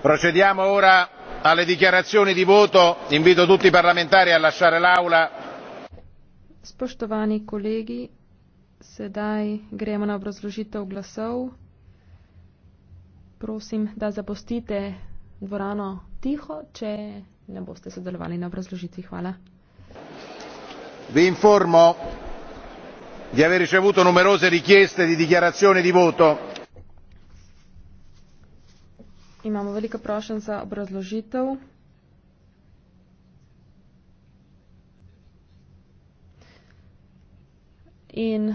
procediamo ora alle dichiarazioni di voto invito tutti i parlamentari a lasciare l'aula. Spoštovani kolegi, sedaj gremo na obrazložitev glasov. Prosim, da zapustite dvorano tiho, če ne boste sodelovali na obrazložitvi. Hvala. Vi informo di aver ricevuto numerose richieste di dichiarazione di voto. Imamo veliko prošen za obrazložitev. In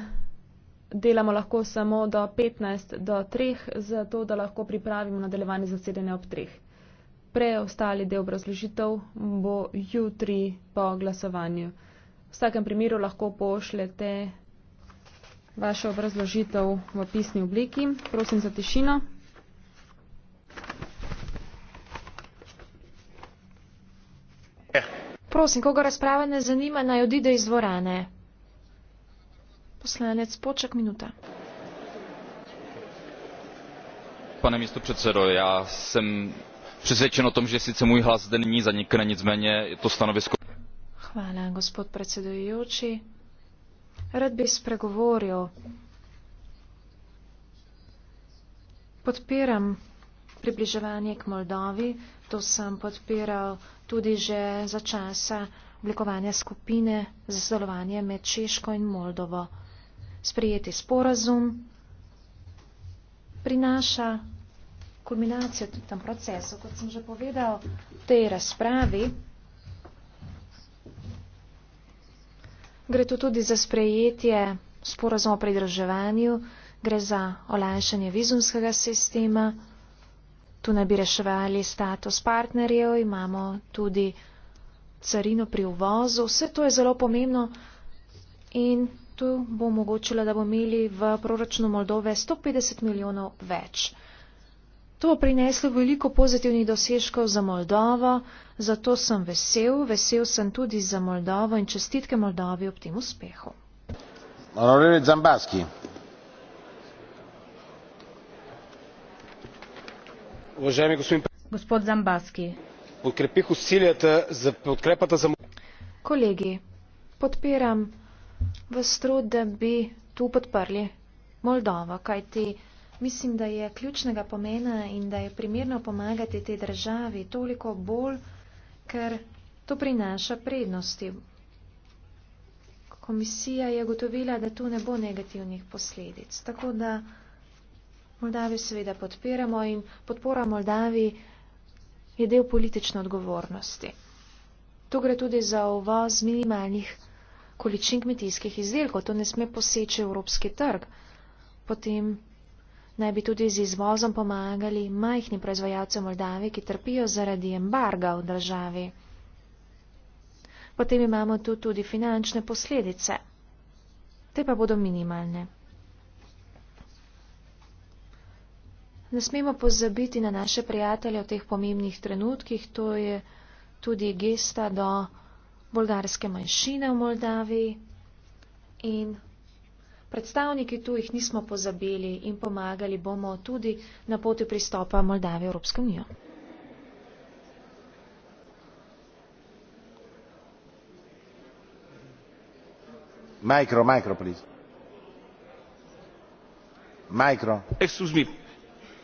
delamo lahko samo do 15 do 3, zato da lahko pripravimo nadaljevanje zasedene ob 3. Preostali del obrazložitev bo jutri po glasovanju. V vsakem primeru lahko pošljete vašo obrazložitev v pisni obliki. Prosim za tišino. prosim, koga razprava ne zanima, naj odide iz dvorane. Poslanec, poček minuta. Pane místo předsedo, já jsem přesvědčen o tom, že sice můj hlas zde není zanikne, nicméně je to stanovisko. Hvala, gospod predsedujoči. Rad bi spregovoril. Podpiram približevanje k Moldavi, to sem podpiral tudi že za časa oblikovanja skupine za sodelovanje med Češko in Moldovo. Sprijeti sporazum prinaša kulminacijo tudi tam procesu, kot sem že povedal v tej razpravi. Gre tu tudi za sprejetje sporazum o pridrževanju, gre za olajšanje vizumskega sistema, tu naj bi reševali status partnerjev, imamo tudi carino pri uvozu, vse to je zelo pomembno in tu bo omogočilo, da bomo imeli v proračunu Moldove 150 milijonov več. To bo prineslo veliko pozitivnih dosežkov za Moldovo, zato sem vesel, vesel sem tudi za Moldovo in čestitke Moldovi ob tem uspehu. Onorevole Zambaski, Gospod Zambaski. Podkrepih usiljata za podkrepata za. Kolegi, podpiram vas trud, da bi tu podprli Moldova, kajti mislim, da je ključnega pomena in da je primerno pomagati tej državi toliko bolj, ker to prinaša prednosti. Komisija je gotovila, da tu ne bo negativnih posledic. Tako da. Moldavi seveda podpiramo in podpora Moldavi je del politične odgovornosti. To gre tudi za uvoz minimalnih količin kmetijskih izdelkov. To ne sme poseči evropski trg. Potem naj bi tudi z izvozom pomagali majhnim proizvajalcem Moldavi, ki trpijo zaradi embarga v državi. Potem imamo tu tudi finančne posledice. Te pa bodo minimalne. Ne smemo pozabiti na naše prijatelje v teh pomembnih trenutkih, to je tudi gesta do bolgarske manjšine v Moldaviji in predstavniki tu jih nismo pozabili in pomagali bomo tudi na poti pristopa Moldavije v Evropsko unijo. Micro, micro, please. Micro. Excuse me.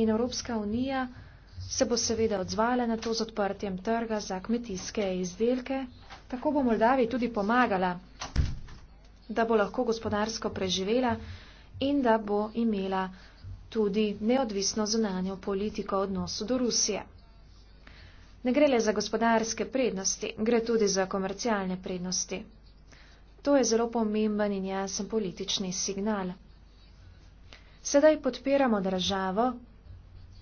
in Evropska unija se bo seveda odzvala na to z odprtjem trga za kmetijske izdelke. Tako bo Moldavi tudi pomagala, da bo lahko gospodarsko preživela in da bo imela tudi neodvisno zunanjo politiko v odnosu do Rusije. Ne gre le za gospodarske prednosti, gre tudi za komercialne prednosti. To je zelo pomemben in jasen politični signal. Sedaj podpiramo državo,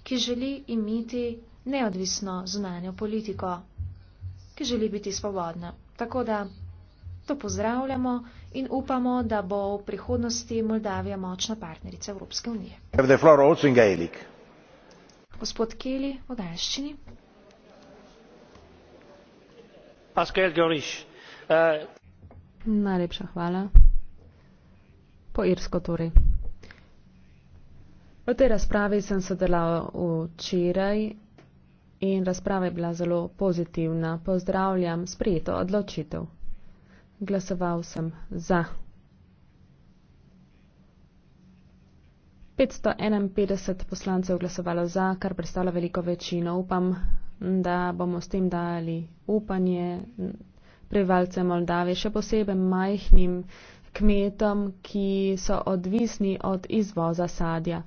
ki želi imeti neodvisno zunanjo politiko, ki želi biti svobodna. Tako da to pozdravljamo in upamo, da bo v prihodnosti Moldavija močna partnerica Evropske unije. Gospod Keli, v Daljščini. Pascal Goriš. Eh, Najlepša hvala. Po irsko torej. V tej razpravi sem sodelal včeraj in razprava je bila zelo pozitivna. Pozdravljam sprejeto odločitev. Glasoval sem za. 551 poslancev glasovalo za, kar predstavlja veliko večino. Upam, da bomo s tem dali upanje prevalce Moldave, še posebej majhnim kmetom, ki so odvisni od izvoza sadja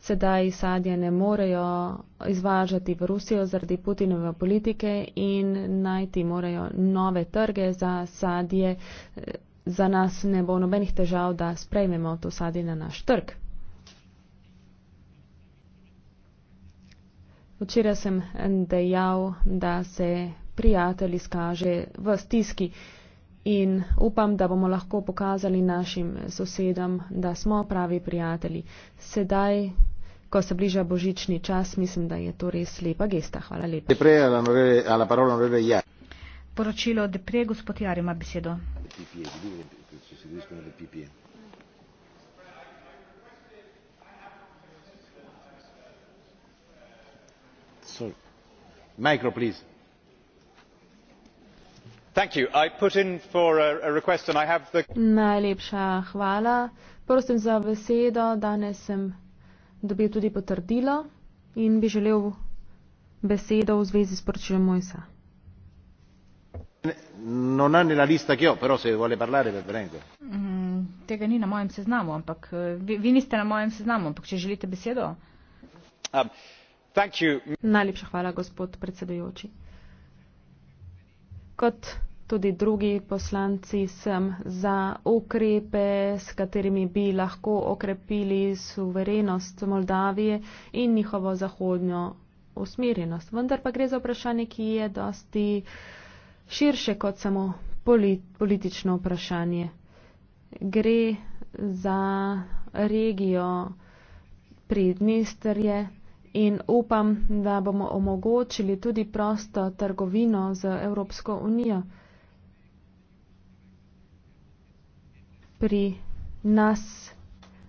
sedaj sadje ne morejo izvažati v Rusijo zaradi Putinove politike in najti morajo nove trge za sadje. Za nas ne bo nobenih težav, da sprejmemo to sadje na naš trg. Včeraj sem dejal, da se prijatelj izkaže v stiski in upam, da bomo lahko pokazali našim sosedom, da smo pravi prijatelji. Sedaj ko se bliža božični čas, mislim, da je to res lepa gesta. Hvala lepa. Poročilo od prej, gospod Jar ima besedo. Micro, please. Najlepša hvala. Prosim za besedo. Danes sem dobil tudi potrdilo in bi želel besedo v zvezi s poročilom Mojsa. Non ha nella lista che ho, però se vuole parlare per vengo. Mm, tega ni na mojem seznamu, ampak eh, vi, vi niste na mojem seznamu, ampak če želite besedo. Um, thank you. Najlepša hvala, gospod predsedujoči. Kot tudi drugi poslanci sem za ukrepe, s katerimi bi lahko okrepili suverenost Moldavije in njihovo zahodnjo usmerjenost. Vendar pa gre za vprašanje, ki je dosti širše kot samo polit, politično vprašanje. Gre za regijo Pridnisterje. In upam, da bomo omogočili tudi prosto trgovino z Evropsko unijo. pri nas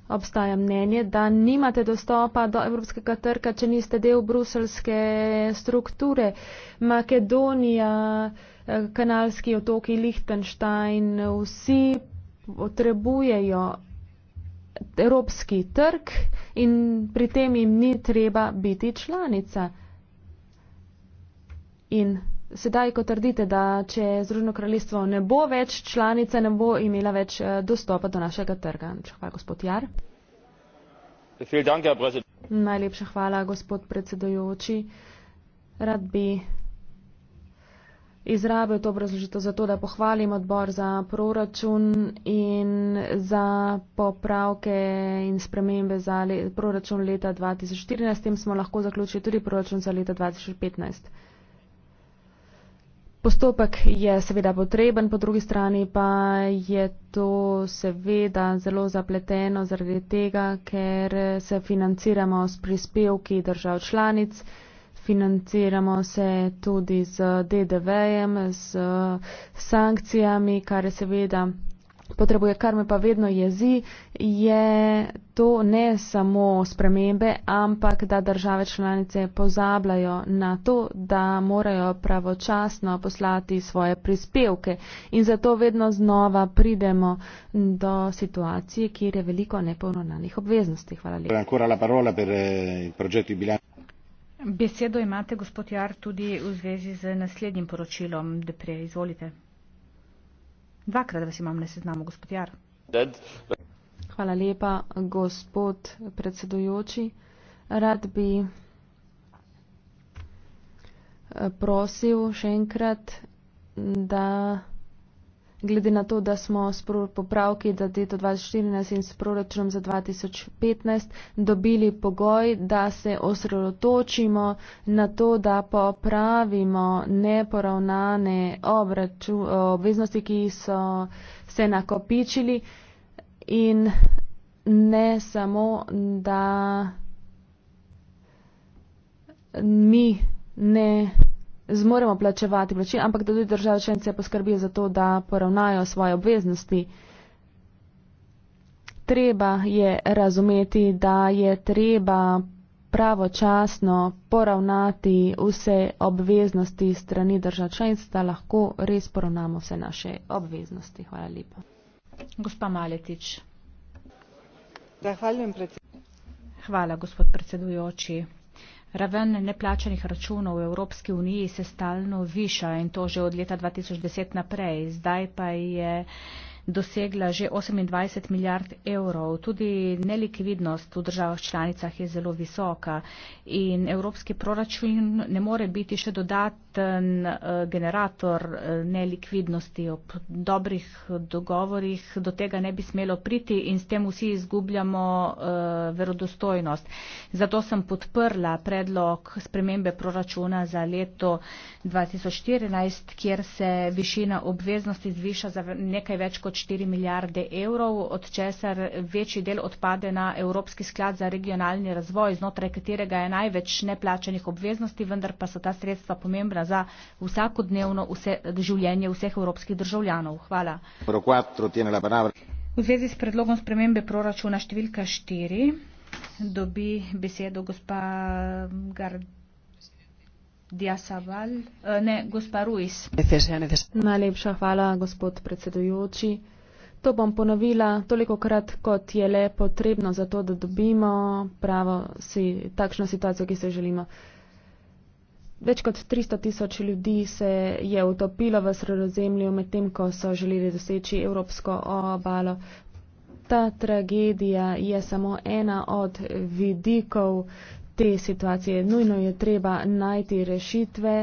obstaja mnenje, da nimate dostopa do evropskega trga, če niste del bruselske strukture. Makedonija, eh, kanalski otoki, Liechtenstein, vsi potrebujejo evropski trg in pri tem jim ni treba biti članica. In sedaj, ko trdite, da če Združeno kraljestvo ne bo več članica, ne bo imela več eh, dostopa do našega trga. Hvala, gospod Jar. Najlepša hvala, gospod predsedujoči. Rad bi izrabil to obrazložitev zato, da pohvalim odbor za proračun in za popravke in spremembe za le, proračun leta 2014. S tem smo lahko zaključili tudi proračun za leta 2015. Postopek je seveda potreben, po drugi strani pa je to seveda zelo zapleteno zaradi tega, ker se financiramo s prispevki držav članic, financiramo se tudi z DDV-jem, s sankcijami, kar je seveda potrebuje, kar me pa vedno jezi, je to ne samo spremembe, ampak da države članice pozabljajo na to, da morajo pravočasno poslati svoje prispevke. In zato vedno znova pridemo do situacije, kjer je veliko neporonanih obveznosti. Hvala lepa. Eh, Besedo imate, gospod Jar, tudi v zvezi z naslednjim poročilom, da prej izvolite. Dvakrat vas imam na seznamu, gospodjar. Hvala lepa, gospod predsedujoči. Rad bi eh, prosil še enkrat, da glede na to, da smo s popravki za leto 2014 in s proračunom za 2015 dobili pogoj, da se osredotočimo na to, da popravimo neporavnane obraču, obveznosti, ki so se nakopičili in ne samo, da mi ne zmoremo plačevati plačila, ampak da tudi država članice poskrbi za to, da poravnajo svoje obveznosti. Treba je razumeti, da je treba pravočasno poravnati vse obveznosti strani držav članic, da lahko res poravnamo vse naše obveznosti. Hvala lepa. Gospa Maletič. Zahvaljujem predsedujoči. Hvala, gospod predsedujoči. Raven neplačanih računov v Evropski uniji se stalno viša in to že od leta 2010 naprej. Zdaj pa je dosegla že 28 milijard evrov. Tudi nelikvidnost v državah članicah je zelo visoka in evropski proračun ne more biti še dodatni dodaten eh, generator eh, nelikvidnosti ob dobrih dogovorih, do tega ne bi smelo priti in s tem vsi izgubljamo eh, verodostojnost. Zato sem podprla predlog spremembe proračuna za leto 2014, kjer se višina obveznosti zviša za nekaj več kot 4 milijarde evrov, od česar večji del odpade na Evropski sklad za regionalni razvoj, znotraj katerega je največ neplačenih obveznosti, vendar pa so ta sredstva pomembna pomembna za vsakodnevno vse, življenje vseh evropskih državljanov. Hvala. V zvezi s predlogom spremembe proračuna številka 4 dobi besedo gospa Gardia Saval, eh, ne gospa Ruiz. Najlepša hvala, gospod predsedujoči. To bom ponovila toliko krat, kot je le potrebno za to, da dobimo pravo si, takšno situacijo, ki se želimo. Več kot 300 tisoč ljudi se je utopilo v sredozemlju, medtem ko so želeli doseči evropsko obalo. Ta tragedija je samo ena od vidikov te situacije. Nujno je treba najti rešitve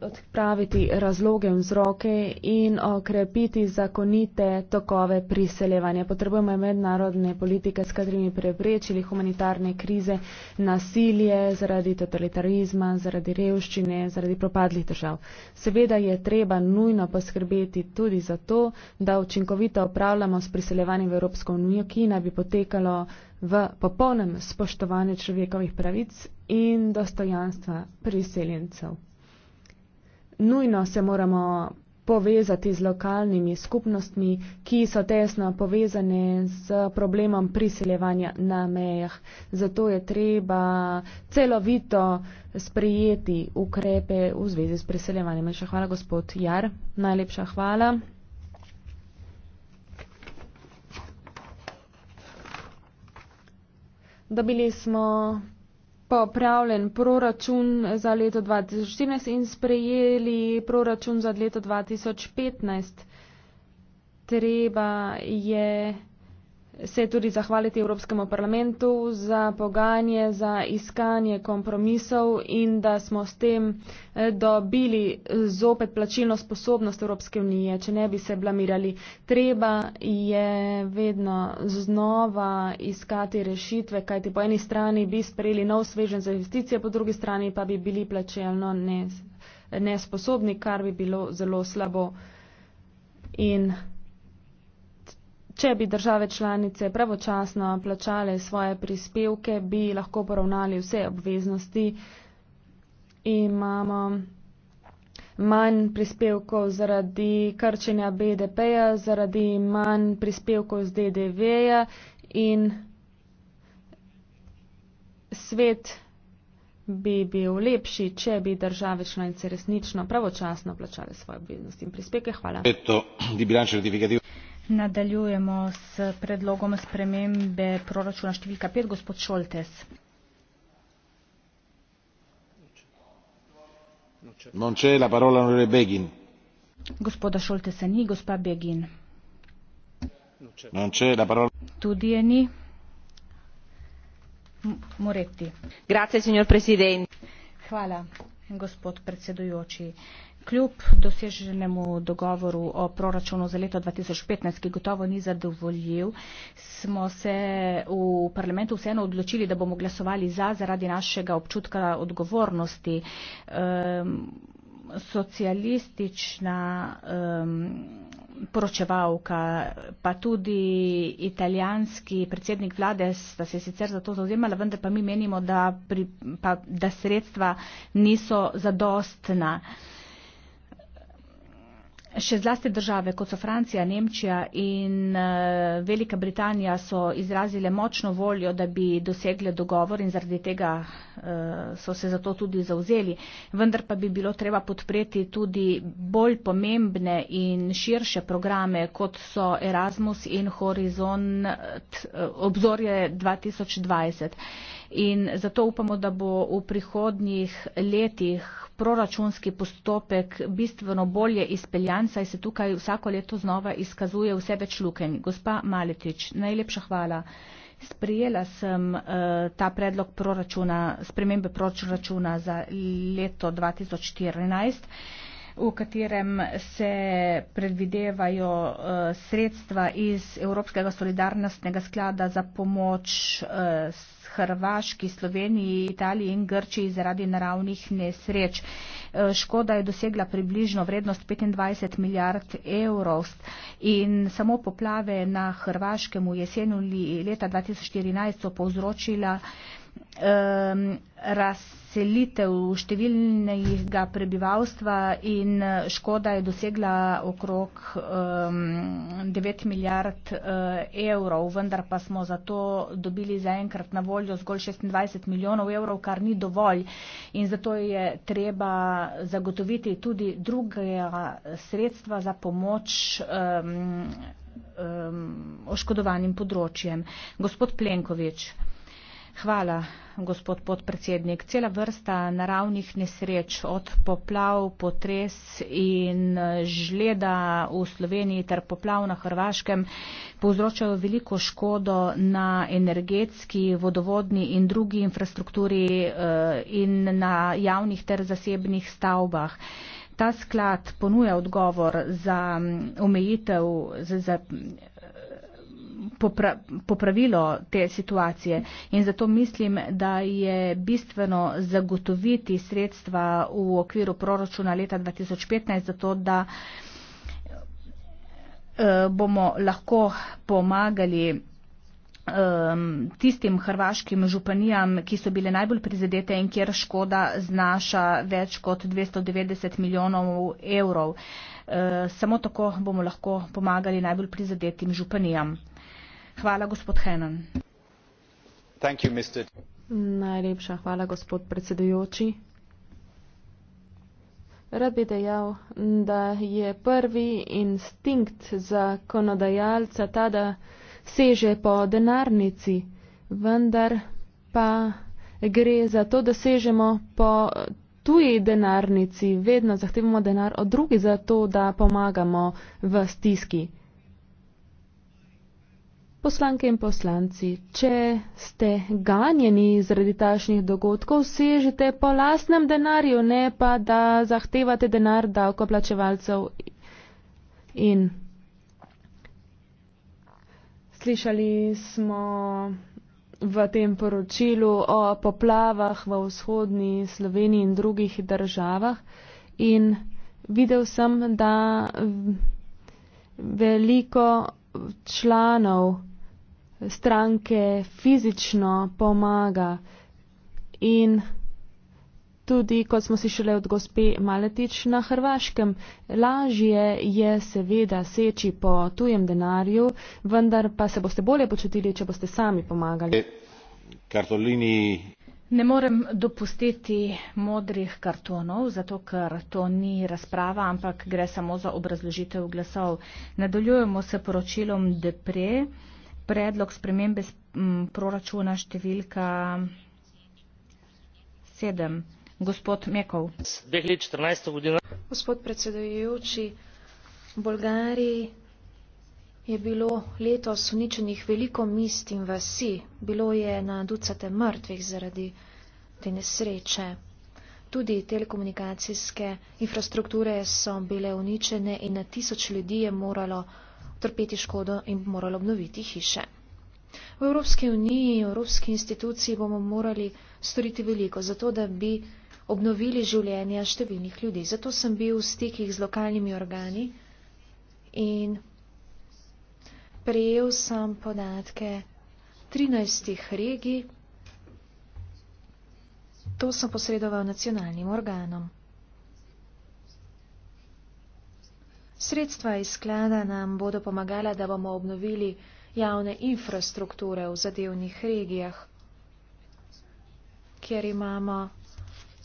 odpraviti razloge, vzroke in okrepiti zakonite tokove priseljevanja. Potrebujemo mednarodne politike, s katerimi preprečili humanitarne krize, nasilje zaradi totalitarizma, zaradi revščine, zaradi propadlih držav. Seveda je treba nujno poskrbeti tudi za to, da učinkovito upravljamo s priseljevanjem v Evropsko unijo, ki naj bi potekalo v popolnem spoštovanju človekovih pravic in dostojanstva priseljencev nujno se moramo povezati z lokalnimi skupnostmi, ki so tesno povezane z problemom priseljevanja na mejah. Zato je treba celovito sprijeti ukrepe v zvezi s priseljevanjem. Najlepša hvala, gospod Jar. Najlepša hvala. Dobili smo pa opravljen proračun za leto 2014 in sprejeli proračun za leto 2015. Treba je se tudi zahvaliti Evropskemu parlamentu za pogajanje, za iskanje kompromisov in da smo s tem eh, dobili zopet plačilno sposobnost Evropske unije, če ne bi se blamirali. Treba je vedno znova iskati rešitve, kajti po eni strani bi sprejeli nov svežen za investicije, po drugi strani pa bi bili plačilno nesposobni, kar bi bilo zelo slabo. In Če bi države članice pravočasno plačale svoje prispevke, bi lahko poravnali vse obveznosti. Imamo manj prispevkov zaradi krčenja BDP-ja, zaradi manj prispevkov z DDV-ja in svet bi bil lepši, če bi države članice resnično pravočasno plačale svoje obveznosti in prispevke. Hvala. Nadaljujemo s predlogom spremembe proračuna številka 5, gospod Šoltes. Gospoda Šoltesa ni, gospa Begin. Tudi je ni. Moretti. Grazie, signor Presidente. Hvala gospod predsedujoči. Kljub doseženemu dogovoru o proračunu za leto 2015, ki gotovo ni zadovoljiv, smo se v parlamentu vseeno odločili, da bomo glasovali za zaradi našega občutka odgovornosti. Um, socialistična um, poročevalka, pa tudi italijanski predsednik vlade sta se sicer za to zauzemala, vendar pa mi menimo, da, pri, pa, da sredstva niso zadostna. Še zlasti države, kot so Francija, Nemčija in eh, Velika Britanija, so izrazile močno voljo, da bi dosegle dogovor in zaradi tega eh, so se zato tudi zauzeli. Vendar pa bi bilo treba podpreti tudi bolj pomembne in širše programe, kot so Erasmus in Horizon eh, obzorje 2020. In zato upamo, da bo v prihodnjih letih proračunski postopek bistveno bolje izpeljan, saj se tukaj vsako leto znova izkazuje vse več lukenj. Gospa Maletič, najlepša hvala. Sprijela sem uh, ta predlog proračuna, spremembe proračuna za leto 2014 v katerem se predvidevajo eh, sredstva iz Evropskega solidarnostnega sklada za pomoč eh, Hrvaški, Sloveniji, Italiji in Grčiji zaradi naravnih nesreč. E, škoda je dosegla približno vrednost 25 milijard evrov in samo poplave na Hrvaškem v jesenu leta 2014 so povzročila um, razsežnost selitev številnega prebivalstva in eh, škoda je dosegla okrog um, ehm, 9 milijard uh, evrov, vendar pa smo za to dobili zaenkrat na voljo zgolj 26 milijonov evrov, kar ni dovolj in zato je treba zagotoviti tudi druge sredstva za pomoč. Um, oškodovanim področjem. Gospod Plenković, Hvala, gospod podpredsednik. Cela vrsta naravnih nesreč od poplav, potres in žleda v Sloveniji ter poplav na Hrvaškem povzročajo veliko škodo na energetski, vodovodni in drugi infrastrukturi eh, in na javnih ter zasebnih stavbah. Ta sklad ponuja odgovor za omejitev, za, za popra popravilo te situacije. In zato mislim, da je bistveno zagotoviti sredstva v okviru proračuna leta 2015, zato da eh, bomo lahko pomagali um, tistim hrvaškim županijam, ki so bile najbolj prizadete in kjer škoda znaša več kot 290 milijonov evrov. Uh, samo tako bomo lahko pomagali najbolj prizadetim županijam. Hvala, gospod Henan. You, Mr... Najlepša hvala, gospod predsedujoči. Rad bi dejal, da je prvi instinkt zakonodajalca ta, da seže po denarnici, vendar pa gre za to, da sežemo po tuji denarnici. Vedno zahtevamo denar od drugih za to, da pomagamo v stiski. Poslanke in poslanci, če ste ganjeni zaradi tašnih dogodkov, sežite po lastnem denarju, ne pa da zahtevate denar davkoplačevalcev. In slišali smo v tem poročilu o poplavah v vzhodni Sloveniji in drugih državah in videl sem, da veliko članov stranke fizično pomaga in tudi, kot smo si šele od gospe Maletič na Hrvaškem, lažje je seveda seči po tujem denarju, vendar pa se boste bolje počutili, če boste sami pomagali. Kartolini. Ne morem dopustiti modrih kartonov, zato ker to ni razprava, ampak gre samo za obrazložitev glasov. Nadaljujemo se poročilom Depre predlog spremembe proračuna številka sedem gospod Mekov. Gospod predsedujoči, v Bolgariji je bilo letos uničenih veliko mest in vasi, bilo je na ducate mrtvih zaradi te nesreče. Tudi telekomunikacijske infrastrukture so bile uničene in na tisoč ljudi je moralo trpeti škodo in morali obnoviti hiše. V Evropski uniji in Evropski instituciji bomo morali storiti veliko, zato da bi obnovili življenja številnih ljudi. Zato sem bil v stikih z lokalnimi organi in prejel sem podatke 13 regij. To sem posredoval nacionalnim organom. Sredstva iz sklada nam bodo pomagala, da bomo obnovili javne infrastrukture v zadevnih regijah, kjer imamo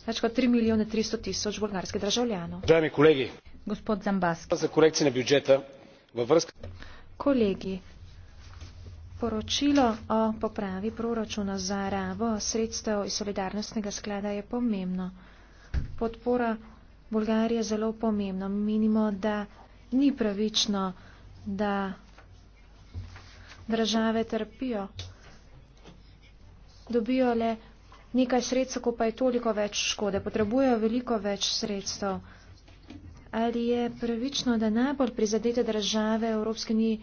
več kot 3 milijone 300 tisoč bolgarskih državljanov. Dajmi, kolegi, gospod Zambaski. Za korekcije na budžeta v vrst. Kolegi, poročilo o popravi proračuna za rabo sredstev iz solidarnostnega sklada je pomembno. Podpora Bulgarije zelo pomembno. Menimo, da ni pravično, da države trpijo. Dobijo le nekaj sredstev, ko pa je toliko več škode. Potrebujejo veliko več sredstev. Ali je pravično, da najbolj prizadete države Evropske unije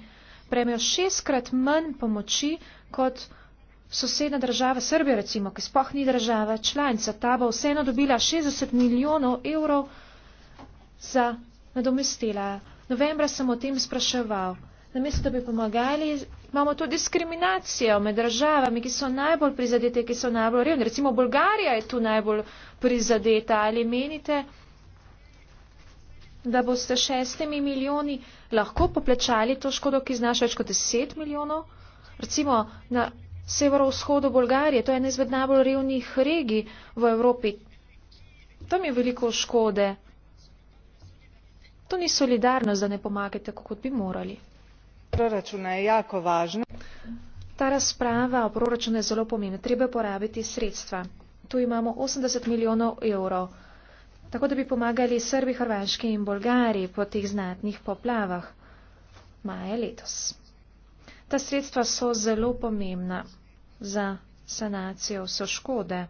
prejmejo šestkrat manj pomoči kot sosedna država Srbija recimo, ki spoh ni država, članica, ta bo vseeno dobila 60 milijonov evrov za nadomestila. Novembra sem o tem spraševal. Namesto, da bi pomagali, imamo to diskriminacijo med državami, ki so najbolj prizadete, ki so najbolj revni. Recimo Bolgarija je tu najbolj prizadeta. Ali menite, da boste šestimi milijoni lahko poplečali to škodo, ki znaša več kot 10 milijonov? Recimo, na severovzhodu Bolgarije, to je ena izmed najbolj revnih regij v Evropi. Tam je veliko škode. To ni solidarnost, da ne pomagate, kot bi morali. Proračuna je jako važna. Ta razprava o proračunu je zelo pomembna. Treba porabiti sredstva. Tu imamo 80 milijonov evrov. Tako da bi pomagali Srbi, Hrvaški in Bolgariji po teh znatnih poplavah maja letos. Ta sredstva so zelo pomembna za sanacijo vse škode,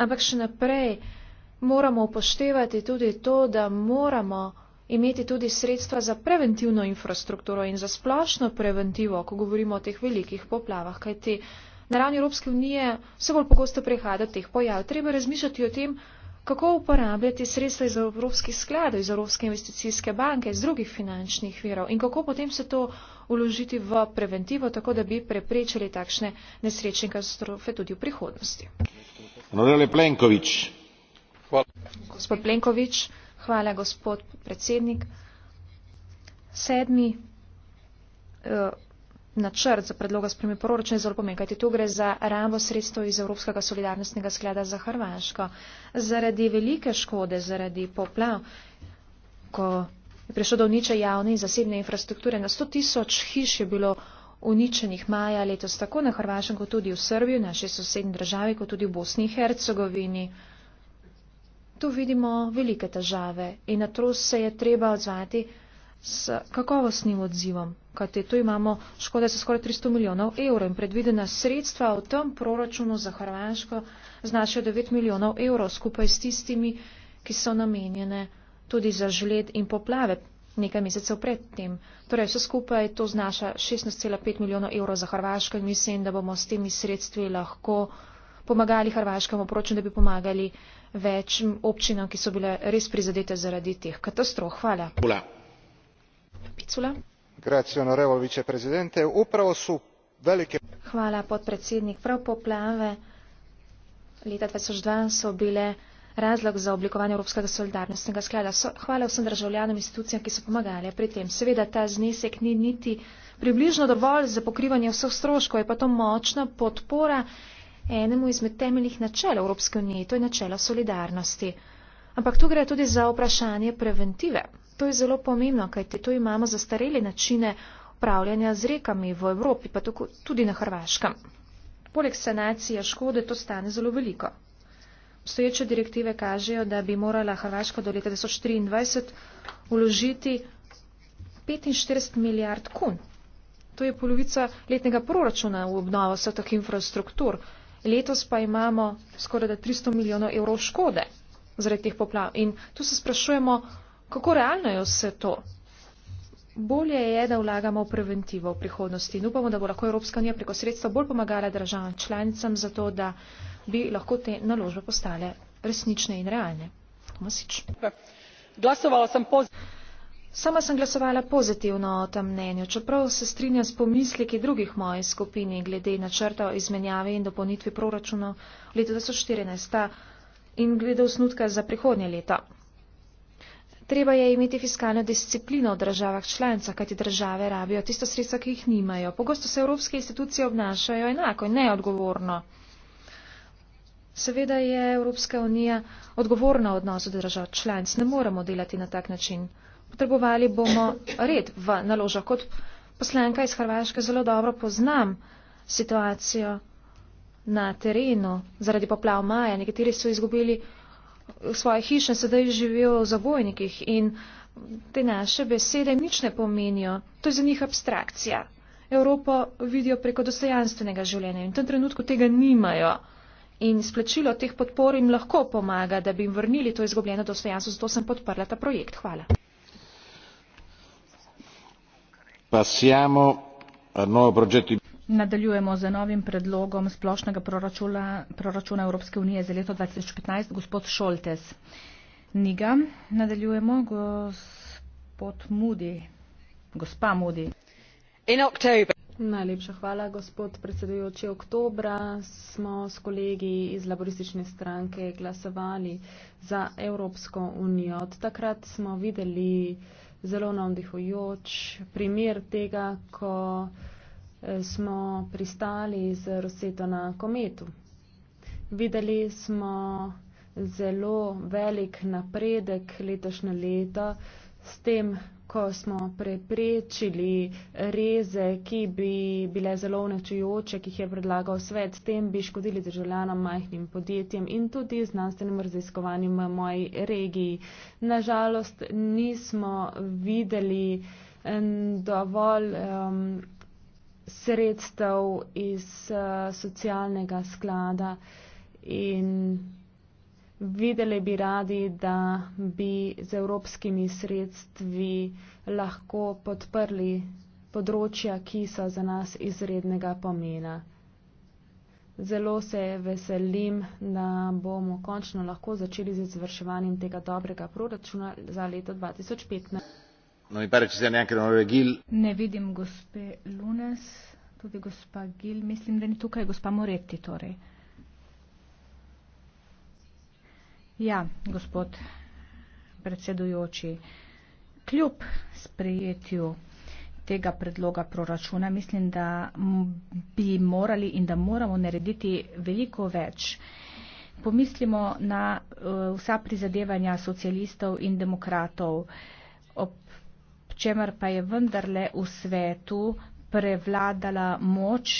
ampak še naprej moramo upoštevati tudi to, da moramo imeti tudi sredstva za preventivno infrastrukturo in za splošno preventivo, ko govorimo o teh velikih poplavah, kajti na ravni Evropske unije vse bolj pogosto prihaja do teh pojav. Treba razmišljati o tem, kako uporabljati sredstva iz evropskih skladov, iz Evropske investicijske banke, iz drugih finančnih virov in kako potem se to uložiti v preventivo, tako da bi preprečili takšne nesrečne katastrofe tudi v prihodnosti. Plenković. Gospod Plenković, hvala gospod predsednik. Sedmi. Uh, načrt za predloga spremembe proračuna je zelo pomemben, kajti tu gre za rabo sredstev iz Evropskega solidarnostnega sklada za Hrvaško. Zaradi velike škode, zaradi poplav, ko je prišlo do uniče javne in zasebne infrastrukture, na 100 tisoč hiš je bilo uničenih maja letos tako na Hrvaškem, kot tudi v Srbiji, v naši sosednji državi, kot tudi v Bosni in Hercegovini. Tu vidimo velike težave in na to se je treba odzvati s kakovostnim odzivom. Kajte, tu imamo škode za skoraj 300 milijonov evrov in predvidena sredstva v tem proračunu za Hrvaško znašajo 9 milijonov evrov skupaj s tistimi, ki so namenjene tudi za žled in poplave nekaj mesecev predtem. Torej, vse skupaj to znaša 16,5 milijonov evrov za Hrvaško in mislim, da bomo s temi sredstvi lahko pomagali Hrvaškemu proračunu, da bi pomagali več občinam, ki so bile res prizadete zaradi teh katastrof. Hvala. Bula prav poplave leta dva so bile razlog za oblikovanje evropskega solidarnostnega sklada so, hvala vsem državljanom in institucijam ki so pomagale pri tem seveda ta znesek ni niti približno dovolj za pokrivanje vseh stroškov je pa to močna podpora enemu izmed temeljnih načel evropske unije to je načelo solidarnosti ampak tu gre tudi za vprašanje preventive To je zelo pomembno, kajte to imamo zastareli načine upravljanja z rekami v Evropi, pa tako tudi na Hrvaškem. Poleg sanacije škode to stane zelo veliko. Obstoječe direktive kažejo, da bi morala Hrvaška do leta 2023 uložiti 45 milijard kun. To je polovica letnega proračuna v obnovo vseh infrastruktur. Letos pa imamo skoraj 300 milijonov evrov škode zaradi teh poplav. In tu se sprašujemo, Kako realno je vse to? Bolje je, da vlagamo v preventivo v prihodnosti in upamo, da bo lahko Evropska unija preko sredstva bolj pomagala državam članicam za to, da bi lahko te naložbe postale resnične in realne. Masič. Glasovala sem pozitivno. Sama sem glasovala pozitivno o tem mnenju, čeprav se strinjam s pomisliki drugih mojih skupini glede načrta o izmenjavi in dopolnitvi proračuna v letu 2014 in glede osnutka za prihodnje leto. Treba je imeti fiskalno disciplino v državah članicah, kajti države rabijo tisto sredstvo, ki jih nimajo. Pogosto se evropske institucije obnašajo enako in neodgovorno. Seveda je Evropska unija odgovorna v odnosu do držav članic. Ne moremo delati na tak način. Potrebovali bomo red v naložah. Kot poslanka iz Hrvaške zelo dobro poznam situacijo na terenu zaradi poplav maja. Nekateri so izgubili svoje hiše sedaj živijo v zabojnikih in te naše besede nič ne pomenijo. To je za njih abstrakcija. Evropo vidijo preko dostojanstvenega življenja in v tem trenutku tega nimajo. In splačilo teh podpor jim lahko pomaga, da bi jim vrnili to izgubljeno dostojanstvo, zato sem podprla ta projekt. Hvala. Passiamo al nuovo progetto. Nadaljujemo z novim predlogom splošnega proračuna, proračuna Evropske unije za leto 2015, gospod Šoltes. Niga, nadaljujemo gospod Mudi, gospa Mudi. Najlepša hvala, gospod predsedujoči. Oktobra smo s kolegi iz laboristične stranke glasovali za Evropsko unijo. Od takrat smo videli zelo navdihujoč primer tega, ko smo pristali z roseto na kometu. Videli smo zelo velik napredek letošnje leto s tem, ko smo preprečili reze, ki bi bile zelo nečujoče, ki jih je predlagal svet, s tem bi škodili državljanom, majhnim podjetjem in tudi znanstvenim raziskovanjem v moji regiji. Nažalost, nismo videli mm, dovolj um, sredstev iz uh, socialnega sklada in videli bi radi, da bi z evropskimi sredstvi lahko podprli področja, ki so za nas izrednega pomena. Zelo se veselim, da bomo končno lahko začeli z izvrševanjem tega dobrega proračuna za leto 2015 non mi pare ci sia neanche l'onorevole Gill. Ne vidim gospe Lunes, tudi gospa Gill, mislim da ni tukaj gospa Moretti torej. Ja, gospod predsedujoči, kljub sprejetju tega predloga proračuna, mislim, da bi morali in da moramo narediti veliko več. Pomislimo na uh, vsa prizadevanja socialistov in demokratov ob čemer pa je vendarle v svetu prevladala moč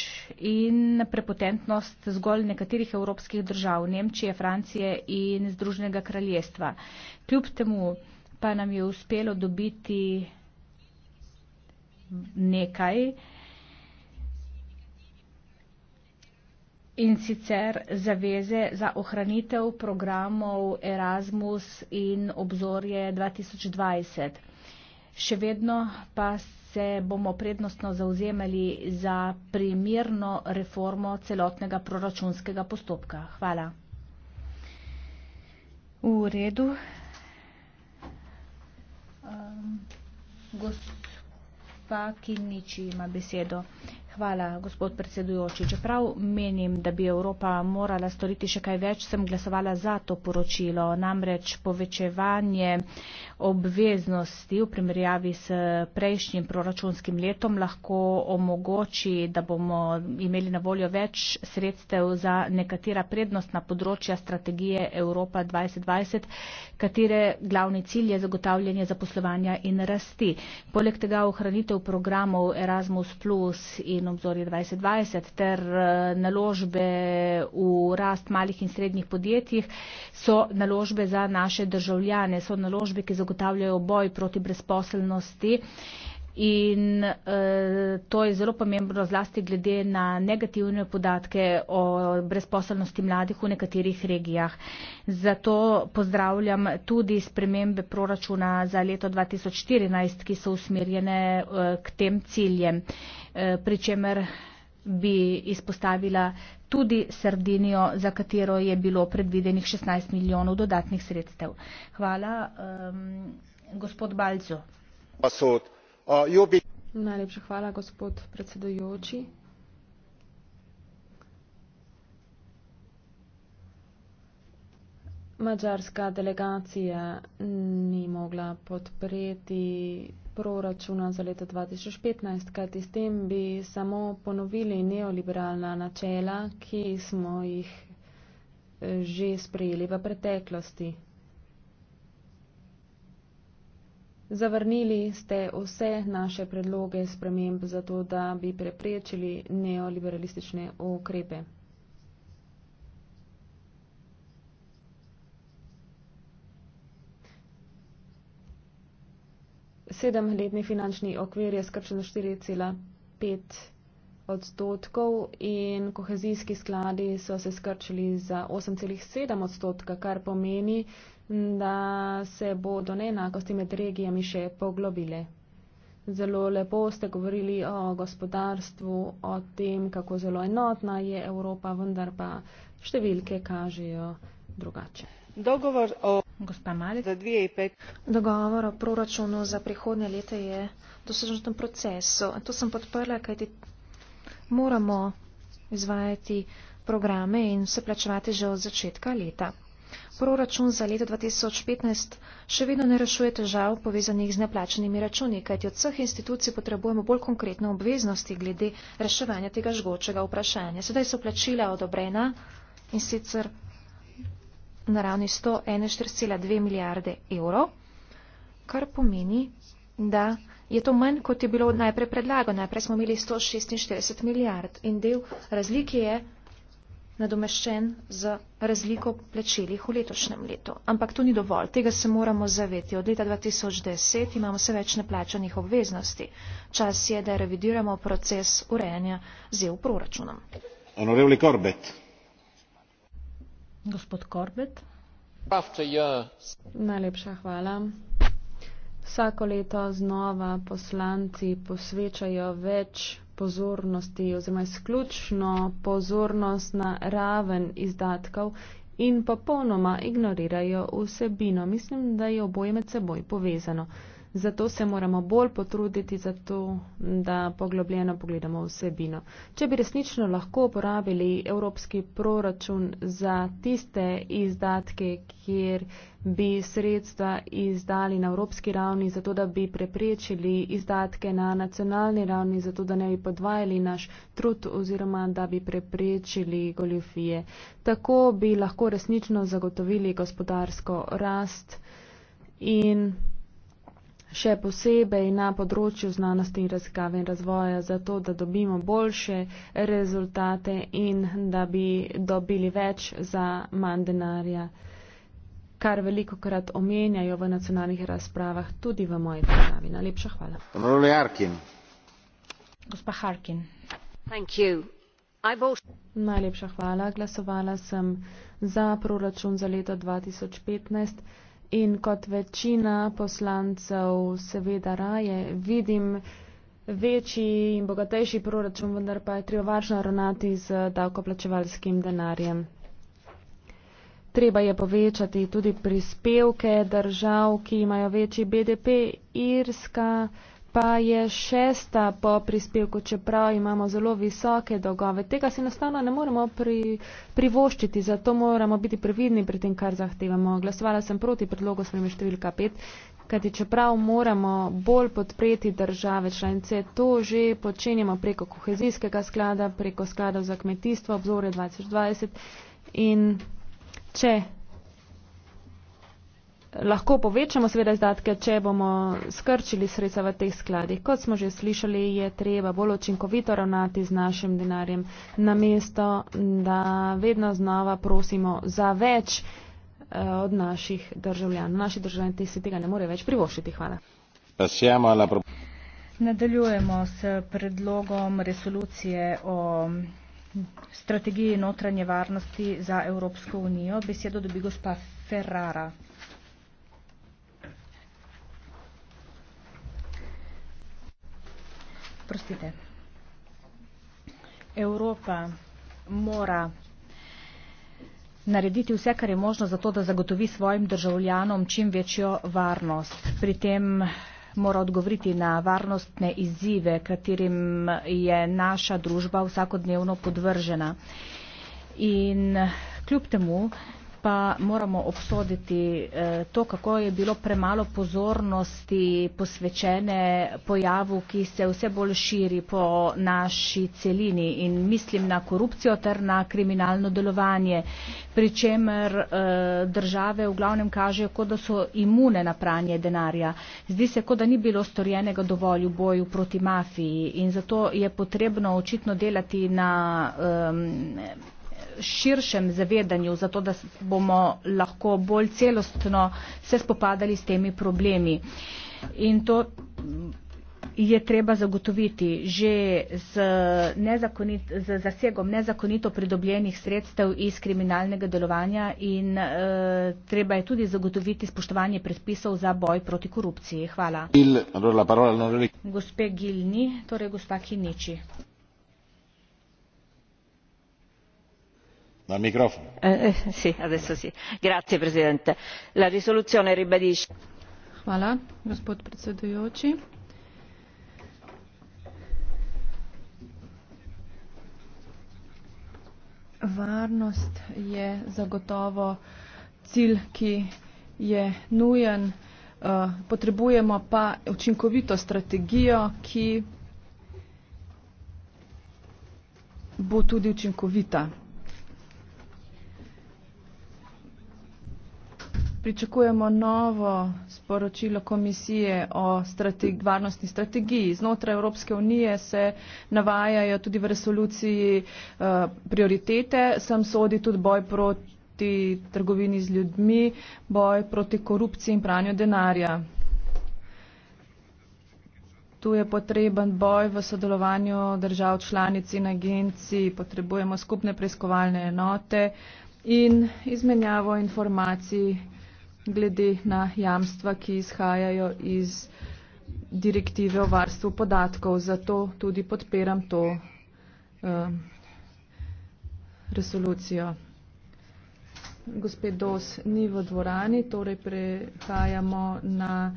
in prepotentnost zgolj nekaterih evropskih držav, Nemčije, Francije in Združenega kraljestva. Kljub temu pa nam je uspelo dobiti nekaj in sicer zaveze za ohranitev programov Erasmus in obzorje 2020. Še vedno pa se bomo prednostno zauzemali za primirno reformo celotnega proračunskega postopka. Hvala. V redu. Um, gospa Kinniči ima besedo. Hvala, gospod predsedujoči. Čeprav menim, da bi Evropa morala storiti še kaj več, sem glasovala za to poročilo. Namreč povečevanje obveznosti v primerjavi s prejšnjim proračunskim letom lahko omogoči, da bomo imeli na voljo več sredstev za nekatera prednostna področja strategije Evropa 2020, katere glavni cilj je zagotavljanje zaposlovanja in rasti. Poleg tega ohranitev programov Erasmus Plus in obzorje 2020 ter eh, naložbe v rast malih in srednjih podjetjih so naložbe za naše državljane, so naložbe, ki zagotavljajo zagotavljajo boj proti brezposelnosti. In e, to je zelo pomembno, zlasti glede na negativne podatke o brezposelnosti mladih v nekaterih regijah. Zato pozdravljam tudi spremembe proračuna za leto 2014, ki so usmerjene e, k tem ciljem. E, eh, pričemer bi izpostavila tudi Sardinijo, za katero je bilo predvidenih 16 milijonov dodatnih sredstev. Hvala, um, gospod Balco. Najlepša hvala, gospod predsedujoči. Mačarska delegacija ni mogla podpreti proračuna za leto 2015, kajti s tem bi samo ponovili neoliberalna načela, ki smo jih eh, že sprejeli v preteklosti. Zavrnili ste vse naše predloge sprememb za to, da bi preprečili neoliberalistične ukrepe. sedemletni finančni okvir je skrčen za 4,5 odstotkov in kohezijski skladi so se skrčili za 8,7 odstotka, kar pomeni, da se bodo neenakosti med regijami še poglobile. Zelo lepo ste govorili o gospodarstvu, o tem, kako zelo enotna je Evropa, vendar pa številke kažejo drugače. Dogovor o Dogovor o proračunu za prihodnje leta je dosežen proces. To sem podprla, kajti moramo izvajati programe in se plačevati že od začetka leta. Proračun za leto 2015 še vedno ne rešuje težav povezanih z neplačenimi računi, kajti od vseh institucij potrebujemo bolj konkretne obveznosti glede reševanja tega žgočega vprašanja. Sedaj so plačila odobrena in sicer na ravni 141,2 milijarde evrov, kar pomeni, da je to manj, kot je bilo najprej predlago. Najprej smo imeli 146 milijard in del razlike je nadomeščen z razliko plačelih v letošnjem letu. Ampak to ni dovolj, tega se moramo zaveti. Od leta 2010 imamo vse več neplačanih obveznosti. Čas je, da revidiramo proces urejanja z EU proračunom. Honorevoli Corbett. Gospod Korbet. Najlepša hvala. Vsako leto znova poslanci posvečajo več pozornosti oziroma izključno pozornost na raven izdatkov in popolnoma ignorirajo vsebino. Mislim, da je oboje med seboj povezano. Zato se moramo bolj potruditi za to, da poglobljeno pogledamo vsebino. Če bi resnično lahko uporabili evropski proračun za tiste izdatke, kjer bi sredstva izdali na evropski ravni, zato da bi preprečili izdatke na nacionalni ravni, zato da ne bi podvajali naš trud oziroma da bi preprečili goljofije. Tako bi lahko resnično zagotovili gospodarsko rast in še posebej na področju znanosti in razkave in razvoja, zato da dobimo boljše rezultate in da bi dobili več za manj denarja, kar veliko krat omenjajo v nacionalnih razpravah, tudi v moji državi. Najlepša hvala. Gospa Harkin. Thank you. Najlepša hvala. Glasovala sem za proračun za leto 2015 in kot večina poslancev seveda raje vidim večji in bogatejši proračun, vendar pa je treba važno ravnati z davkoplačevalskim denarjem. Treba je povečati tudi prispevke držav, ki imajo večji BDP, Irska, pa je šesta po prispevku, čeprav imamo zelo visoke dolgove. Tega si enostavno ne moremo pri, privoščiti, zato moramo biti previdni pri tem, kar zahtevamo. Glasovala sem proti predlogu spremembe številka pet, kajti čeprav moramo bolj podpreti države članice, to že počenjamo preko kohezijskega sklada, preko sklada za kmetijstvo, obzore 2020 in. Če lahko povečamo seveda izdatke, če bomo skrčili sredstva v teh skladih. Kot smo že slišali, je treba bolj očinkovito ravnati z našim denarjem, namesto da vedno znova prosimo za več eh, od naših državljanov. Naši državljani si tega ne morejo več privošiti. Hvala. Nadaljujemo s predlogom resolucije o strategiji notranje varnosti za Evropsko unijo. Besedo dobi gospa Ferrara. Prostite. Evropa mora narediti vse, kar je možno za to, da zagotovi svojim državljanom čim večjo varnost. Pri tem mora odgovoriti na varnostne izzive, katerim je naša družba vsakodnevno podvržena. In kljub temu, pa moramo obsoditi eh, to, kako je bilo premalo pozornosti posvečene pojavu, ki se vse bolj širi po naši celini in mislim na korupcijo ter na kriminalno delovanje, pri čemer eh, države v glavnem kažejo, kot da so imune na pranje denarja. Zdi se, kot da ni bilo storjenega dovolj v boju proti mafiji in zato je potrebno očitno delati na um, širšem zavedanju, zato da bomo lahko bolj celostno se spopadali s temi problemi. In to je treba zagotoviti že z, nezakonit, z zasegom nezakonito pridobljenih sredstev iz kriminalnega delovanja in e, treba je tudi zagotoviti spoštovanje predpisov za boj proti korupciji. Hvala. Gospe Gilni, torej gospa Kiniči. signora eh, eh, presidente onorevoli colleghi varnost je zagotovo cilj ki je nujen eh, potrebujemo pa učinkovito strategijo ki bo tudi učinkovita. pričakujemo novo sporočilo komisije o strategi, varnostni strategiji. Znotraj Evropske unije se navajajo tudi v resoluciji uh, prioritete, sem sodi tudi boj proti trgovini z ljudmi, boj proti korupciji in pranju denarja. Tu je potreben boj v sodelovanju držav članic in agencij, potrebujemo skupne preiskovalne enote in izmenjavo informacij glede na jamstva, ki izhajajo iz direktive o varstvu podatkov. Zato tudi podpiram to um, resolucijo. Gospod Dos ni v dvorani, torej prehajamo na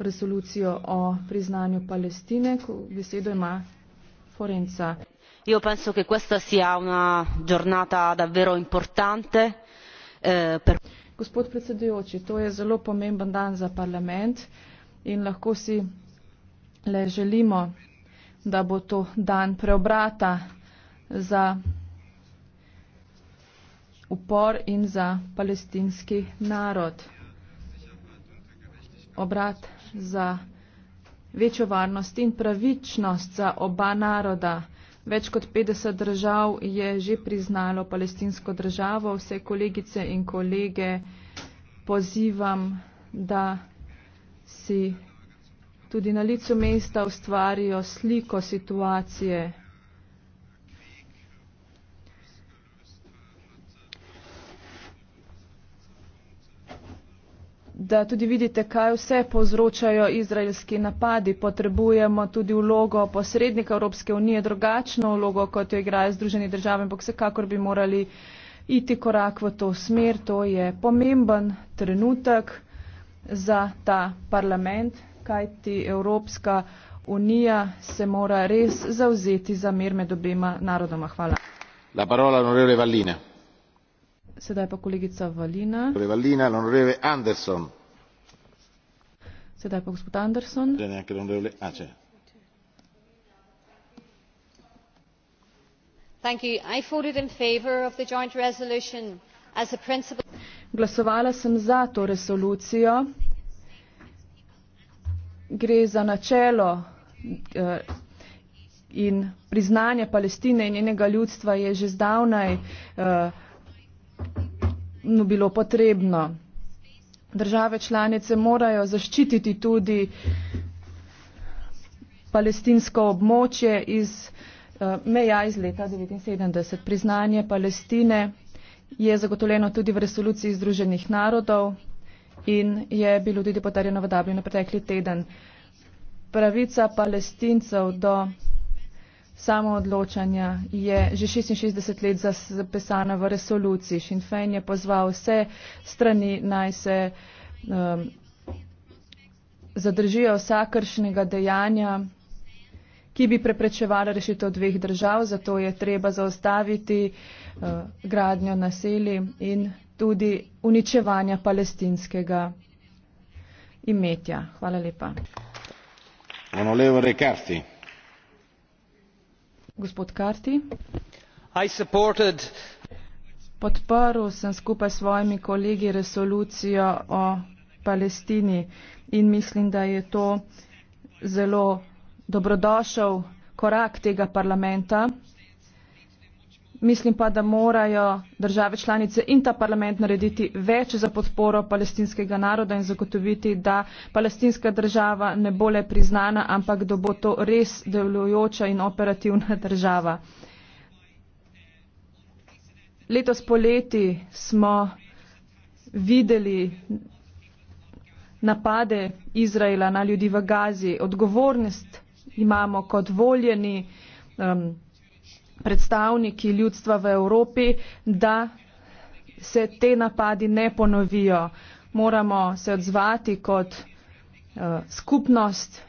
resolucijo o priznanju Palestine. Besedo ima Forenca. Io penso che questa sia una giornata davvero importante. Eh, per... Gospod predsedujoči, to je zelo pomemben dan za parlament in lahko si le želimo, da bo to dan preobrata za upor in za palestinski narod. Obrat za večjo varnost in pravičnost za oba naroda. Več kot 50 držav je že priznalo palestinsko državo. Vse kolegice in kolege pozivam, da si tudi na licu mesta ustvarijo sliko situacije da tudi vidite, kaj vse povzročajo izraelski napadi. Potrebujemo tudi vlogo posrednika Evropske unije, drugačno vlogo, kot jo igrajo Združeni države, ampak vsekakor bi morali iti korak v to smer. To je pomemben trenutek za ta parlament, kajti Evropska unija se mora res zauzeti za mir med obema narodoma. Hvala. La parola onorevole Vallina. Sedaj pa kolegica Valina. Torej Valina, onoreve Anderson. Sedaj pa gospod Anderson. Torej, ah, Glasovala sem za to resolucijo. Gre za načelo uh, in priznanje Palestine in njenega ljudstva je že zdavnaj. Uh, mu bilo potrebno. Države članice morajo zaščititi tudi palestinsko območje iz uh, meja iz leta 1979. Priznanje Palestine je zagotovljeno tudi v resoluciji Združenih narodov in je bilo tudi potrjeno v Dublinu pretekli teden. Pravica palestincev do samoodločanja je že 66 let zapisana v resoluciji. Sinn Fein je pozval vse strani naj se um, zadržijo vsakršnega dejanja, ki bi preprečevala rešitev dveh držav, zato je treba zaustaviti uh, gradnjo naseli in tudi uničevanja palestinskega imetja. Hvala lepa. Onolevo Rekarti podprl sem skupaj s svojimi kolegi resolucijo o Palestini in mislim, da je to zelo dobrodošel korak tega parlamenta mislim pa, da morajo države članice in ta parlament narediti več za podporo palestinskega naroda in zagotoviti, da palestinska država ne bo le priznana, ampak da bo to res delujoča in operativna država. Letos poleti smo videli napade Izraela na ljudi v Gazi. Odgovornost imamo kot voljeni. Um, predstavniki ljudstva v Evropi, da se te napadi ne ponovijo. Moramo se odzvati kot uh, skupnost,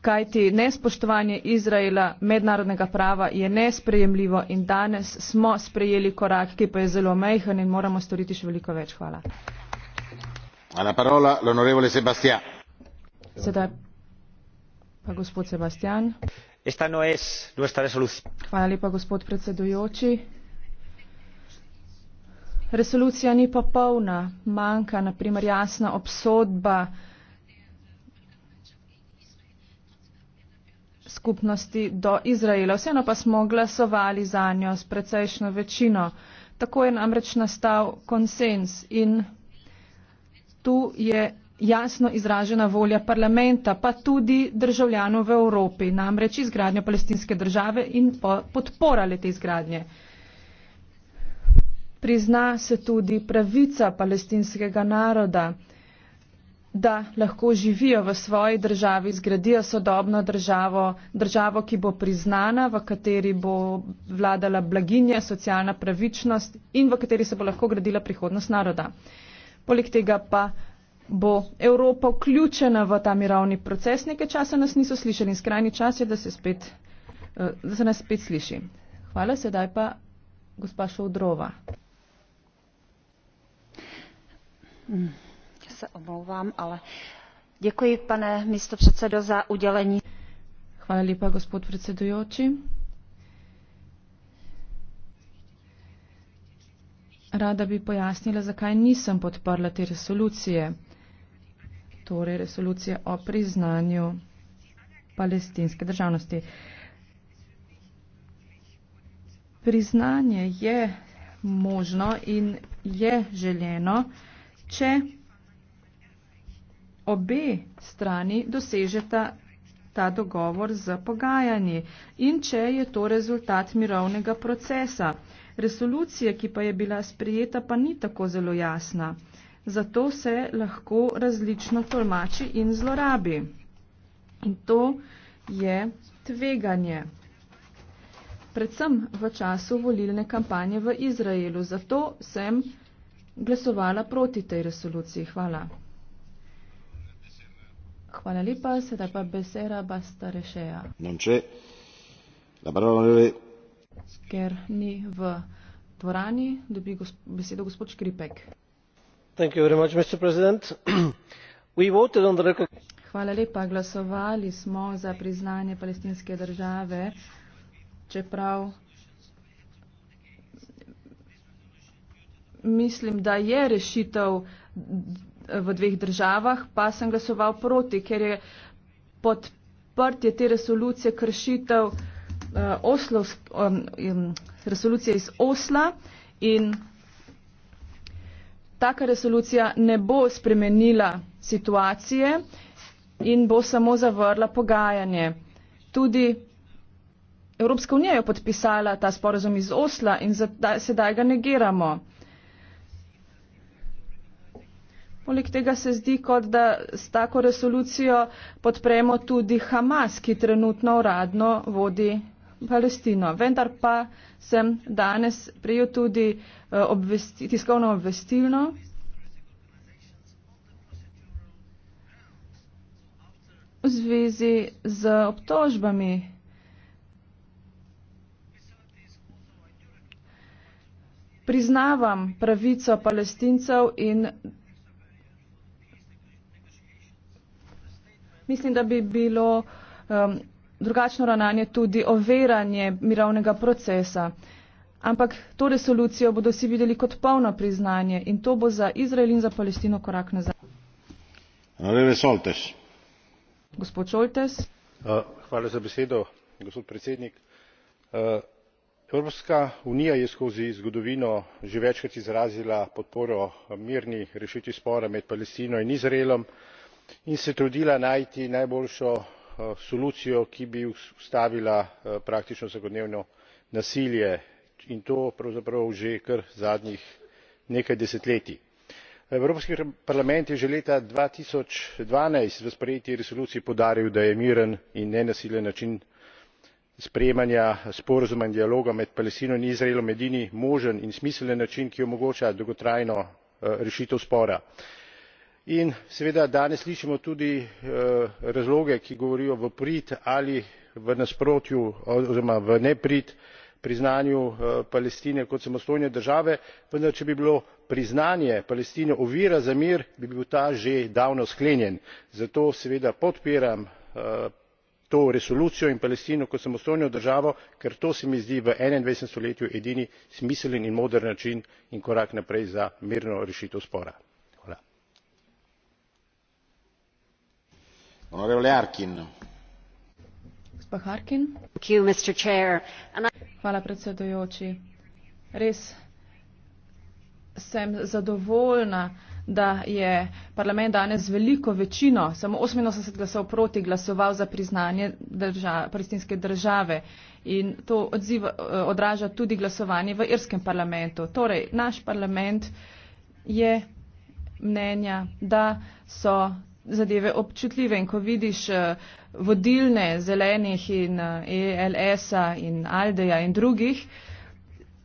kajti nespoštovanje Izraela mednarodnega prava je nesprejemljivo in danes smo sprejeli korak, ki pa je zelo mehen in moramo storiti še veliko več. Hvala. Hvala parola, No hvala lepa gospod predsedujoči resolucija ni pa polna manjka na primer jasna obsodba skupnosti do Izraela. Vseeno pa smo glasovali za njo s precejšno večino. Tako je namreč nastal konsens in tu je jasno izražena volja parlamenta, pa tudi državljanov v Evropi, namreč izgradnjo palestinske države in podpora lete izgradnje. Prizna se tudi pravica palestinskega naroda, da lahko živijo v svoji državi, zgradijo sodobno državo, državo, ki bo priznana, v kateri bo vladala blaginja, socialna pravičnost in v kateri se bo lahko gradila prihodnost naroda. Poleg tega pa bo Evropa vključena v ta mirovni proces. Nekaj časa nas niso slišali in skrajni čas je, da se, spet, eh, da se nas spet sliši. Hvala, sedaj pa gospa Šoudrova. Hmm, se omlouvám, ale děkuji, pane místo předsedo, za udělení. Hvala lepa, gospod predsedujoči. Rada bi pojasnila, zakaj nisem podprla te resolucije torej resolucije o priznanju palestinske državnosti. Priznanje je možno in je željeno, če obe strani dosežeta ta dogovor za pogajanje in če je to rezultat mirovnega procesa. Resolucija, ki pa je bila sprejeta, pa ni tako zelo jasna zato se lahko različno tolmači in zlorabi. In to je tveganje. Predvsem v času volilne kampanje v Izraelu. Zato sem glasovala proti tej resoluciji. Hvala. Hvala lepa. Sedaj pa besera basta rešeja. Nemče. Ker ni v dvorani, dobi besedo gospod Škripek. hvala lepa glasovali smo za priznanje palestinske države čeprav mislim da je rešitev eh, v dveh državah pa sem glasoval proti ker je podprtje te resolucije kršitev uh, oslo, um, resolucije iz osla in taka resolucija ne bo spremenila situacije in bo samo zavrla pogajanje. Tudi Evropska unija je podpisala ta sporozum iz Osla in zada, sedaj ga negiramo. Poleg tega se zdi, kot da s tako resolucijo podpremo tudi Hamas, ki trenutno uradno vodi Palestino. Vendar pa sem danes prejel tudi eh, obvesti, tiskovno obvestilno. V zvezi z obtožbami priznavam pravico palestincev in mislim, da bi bilo um, drugačno ravnanje tudi overanje mirovnega procesa. Ampak to resolucijo bodo vsi videli kot polno priznanje in to bo za Izrael in za Palestino korak nazaj. Gospod Šoltes. Hvala za besedo, gospod predsednik. Evropska unija je skozi zgodovino že večkrat izrazila podporo mirni rešitvi spora med Palestino in Izraelom in se trudila najti najboljšo Eh, solucijo ki bi ustavila eh, praktično vsakodnevno nasilje in to pravzaprav že kar zadnjih nekaj desetletij. evropski parlament je že leta dva tisoč dvanajst v sprejeti resoluciji poudaril da je miren in nenasilen način sprejemanja sporazuma in dialoga med palestino in izraelom edini možen in smiseln način ki omogoča dolgotrajno eh, rešitev spora in seveda danes slišimo tudi eh, razloge ki govorijo v prid ali v nasprotju oziroma v neprid priznanju eh, palestine kot samostojne države vendar če bi bilo priznanje palestine ovira za mir bi bil ta že davno sklenjen zato seveda podpiram eh, to resolucijo in palestino kot samostojno državo ker to se mi zdi v enaindvajset stoletju edini smiseln in moder način in korak naprej za mirno rešitev spora. Hvala predsedujoči. Res sem zadovoljna, da je parlament danes veliko večino, samo 88 glasov proti, glasoval za priznanje držav, palestinske države. In to odziv, odraža tudi glasovanje v irskem parlamentu. Torej, naš parlament je mnenja, da so zadeve občutljive in ko vidiš eh, vodilne zelenih in ELS-a eh, e in Aldeja in drugih,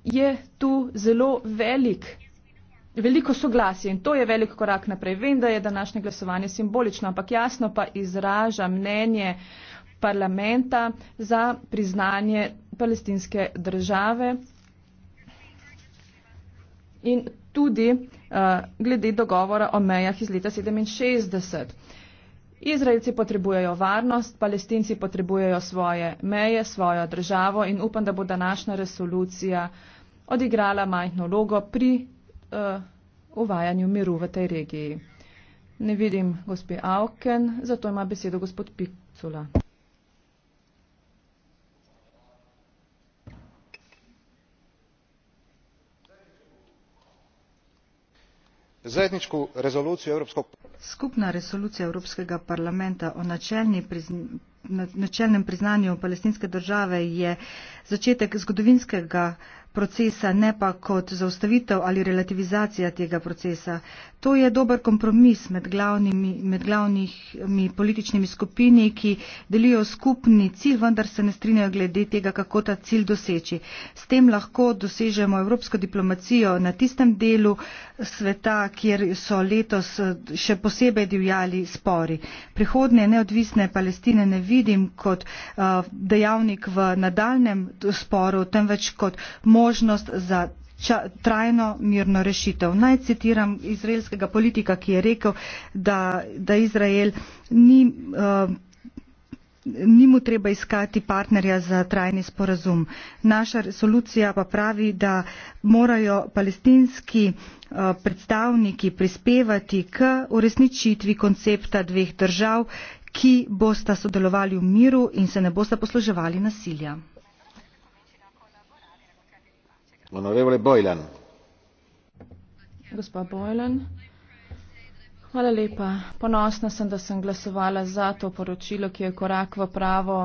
je tu zelo velik, veliko soglasje in to je velik korak naprej. Vem, da je današnje glasovanje simbolično, ampak jasno pa izraža mnenje parlamenta za priznanje palestinske države. In tudi Eh, glede dogovora o mejah iz leta 67. Izraelci potrebujejo varnost, palestinci potrebujejo svoje meje, svojo državo in upam, da bo današnja resolucija odigrala majhno logo pri uh, uvajanju miru v tej regiji. Ne vidim gospe Auken, zato ima besedo gospod Picula. zajedničku rezoluciju europskog skupna resolucija europskega parlamenta o načelnem priznanju palestinske države je začetek zgodovinskega procesa ne pa kot zaustavitev ali relativizacija tega procesa. To je dober kompromis med, glavnimi, med glavnimi političnimi skupini, ki delijo skupni cilj, vendar se ne strinjajo glede tega, kako ta cilj doseči. S tem lahko dosežemo evropsko diplomacijo na tistem delu sveta, kjer so letos eh, še posebej divjali spori. Prihodne neodvisne Palestine ne vidim kot uh, dejavnik v nadaljem sporu, temveč kot možnost za trajno mirno rešitev. Naj citiram izraelskega politika, ki je rekel, da, da Izrael ni, uh, ni mu treba iskati partnerja za trajni sporazum. Naša resolucija pa pravi, da morajo palestinski eh, predstavniki prispevati k uresničitvi koncepta dveh držav, ki bosta sodelovali v miru in se ne bosta posluževali nasilja. Gospa Bojlen, hvala lepa. Ponosna sem, da sem glasovala za to poročilo, ki je korak v pravo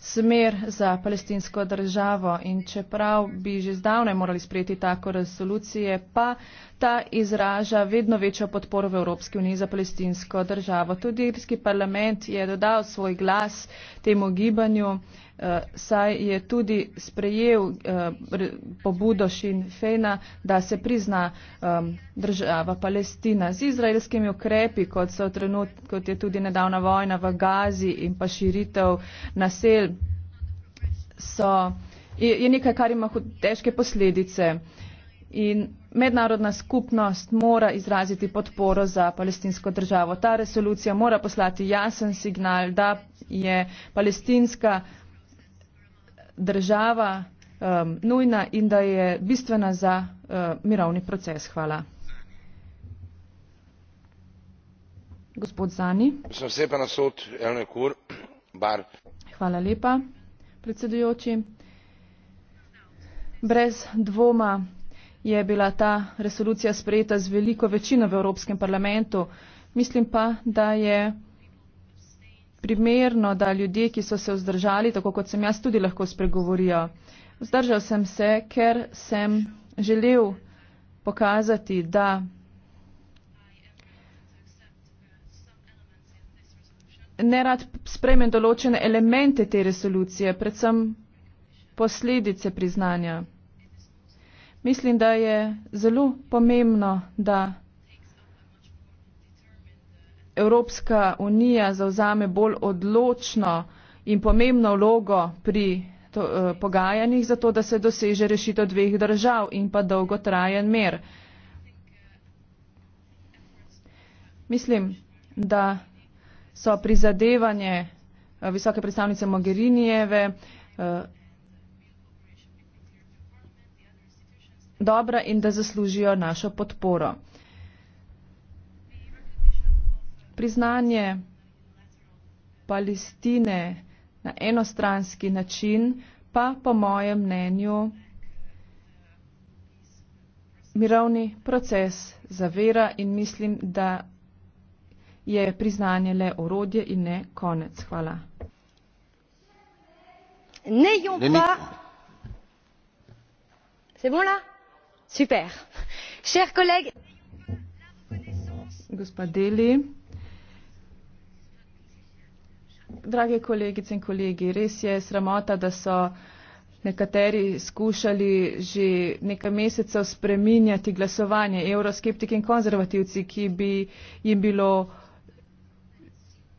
smer za palestinsko državo. In čeprav bi že zdavnaj morali sprejeti tako resolucije, pa ta izraža vedno večjo podporo v Evropski uniji za palestinsko državo. Tudi Irski parlament je dodal svoj glas temu gibanju. Eh, saj je tudi sprejel eh, pobudo Šin Fejna, da se prizna ehm, država Palestina z izraelskimi ukrepi, kot, trenut, kot je tudi nedavna vojna v Gazi in pa širitev nasel, so, je nekaj, kar ima težke posledice. In mednarodna skupnost mora izraziti podporo za palestinsko državo. Ta resolucija mora poslati jasen signal, da je palestinska država um, nujna in da je bistvena za uh, mirovni proces. Hvala. Gospod Zani. Sem vse pa na sod, Elne Kur, Bar. Hvala lepa, predsedujoči. Brez dvoma je bila ta resolucija sprejeta z veliko večino v Evropskem parlamentu. Mislim pa, da je primerno, da ljudje, ki so se vzdržali, tako kot sem jaz, tudi lahko spregovorijo. Vzdržal sem se, ker sem želel pokazati, da nerad sprejmem določene elemente te resolucije, predvsem posledice priznanja. Mislim, da je zelo pomembno, da Evropska unija zauzame bolj odločno in pomembno vlogo pri to, eh, pogajanjih za to, da se doseže rešitev dveh držav in pa dolgotrajen mer. Mislim, da so prizadevanje eh, visoke predstavnice Mogherinijeve eh, dobra in da zaslužijo našo podporo priznanje Palestine na enostranski način pa po mojem mnenju mirovni proces zavera in mislim, da je priznanje le orodje in ne konec. Hvala. Super. Cher collègue. Gospa Deli drage kolegice in kolegi, res je sramota, da so nekateri skušali že nekaj mesecev spreminjati glasovanje, evroskeptiki in konzervativci, ki bi jim bilo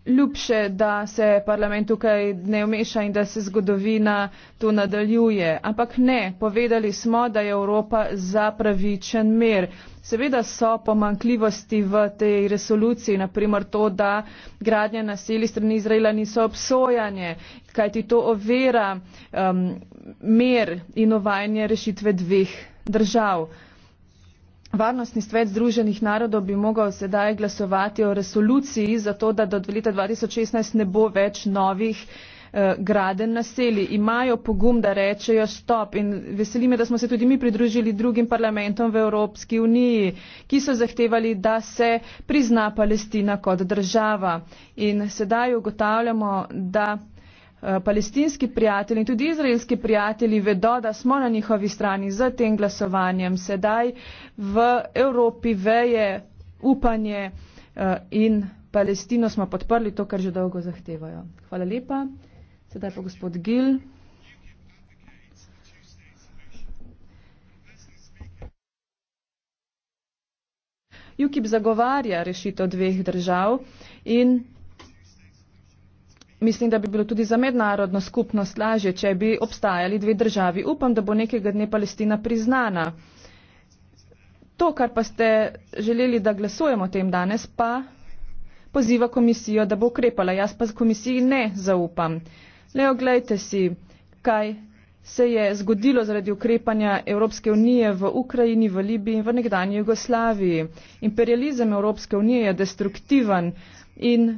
ljubše, da se parlament tukaj ne umeša in da se zgodovina tu nadaljuje. Ampak ne, povedali smo, da je Evropa za pravičen mir. Seveda so pomankljivosti v tej resoluciji, naprimer to, da gradnje nasilij strani Izraela niso obsojanje, kajti to ovira um, mir in uvajanje rešitve dveh držav. Varnostni svet Združenih narodov bi mogel sedaj glasovati o resoluciji za to, da do leta 2016 ne bo več novih eh, graden naseli. Imajo pogum, da rečejo stop in veseli me, da smo se tudi mi pridružili drugim parlamentom v Evropski uniji, ki so zahtevali, da se prizna Palestina kot država. In sedaj ugotavljamo, da Eh, palestinski prijatelji in tudi izraelski prijatelji vedo, da smo na njihovi strani z tem glasovanjem. Sedaj v Evropi veje upanje eh, in Palestino smo podprli to, kar že dolgo zahtevajo. Hvala lepa. Sedaj pa gospod Gil. UKIP zagovarja rešitev dveh držav in Mislim, da bi bilo tudi za mednarodno skupnost lažje, če bi obstajali dve državi. Upam, da bo nekega dne Palestina priznana. To, kar pa ste želeli, da glasujemo o tem danes, pa poziva komisijo, da bo ukrepala. Jaz pa komisiji ne zaupam. Le oglejte si, kaj se je zgodilo zaradi ukrepanja Evropske unije v Ukrajini, v Libiji in v nekdanji Jugoslaviji. Imperializem Evropske unije je destruktiven in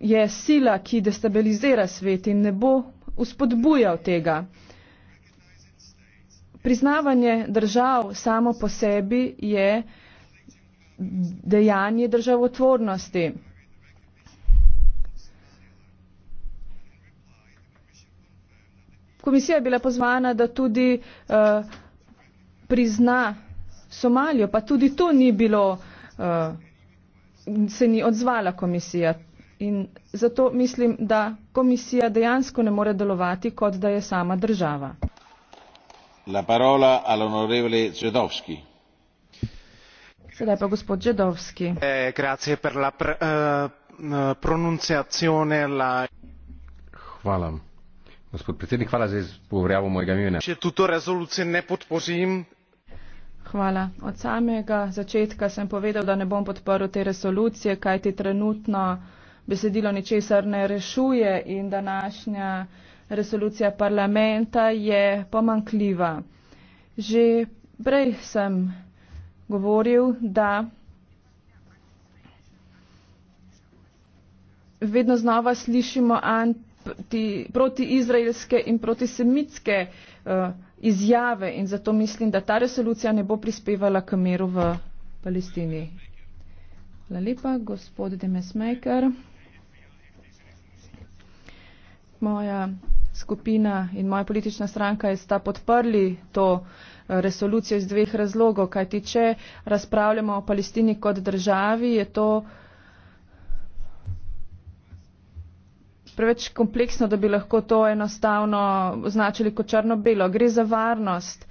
je sila, ki destabilizira svet in ne bo uspodbujal tega. Priznavanje držav samo po sebi je dejanje državotvornosti. Komisija je bila pozvana, da tudi uh, prizna Somalijo, pa tudi to ni bilo, uh, se ni odzvala komisija. In zato mislim, da komisija dejansko ne more delovati, kot da je sama država. La parola all'onorevole Zedovski. Sedaj pa gospod Zedovski. Eh, eh, hvala. Gospod predsednik, hvala za izpovorjavo mojega imena. Če tuto rezolucijo ne podpozim. Hvala. Od samega začetka sem povedal, da ne bom podporil te resolucije, kajti trenutno besedilo ničesar ne rešuje in današnja resolucija parlamenta je pomankljiva. Že prej sem govoril, da vedno znova slišimo anti, proti izraelske in proti semitske uh, eh, izjave in zato mislim, da ta resolucija ne bo prispevala k miru v Palestini. Hvala lepa, gospod Demesmejker moja skupina in moja politična stranka je sta podprli to eh, resolucijo iz dveh razlogov, kajti če razpravljamo o Palestini kot državi, je to preveč kompleksno, da bi lahko to enostavno označili kot črno-belo. Gre za varnost,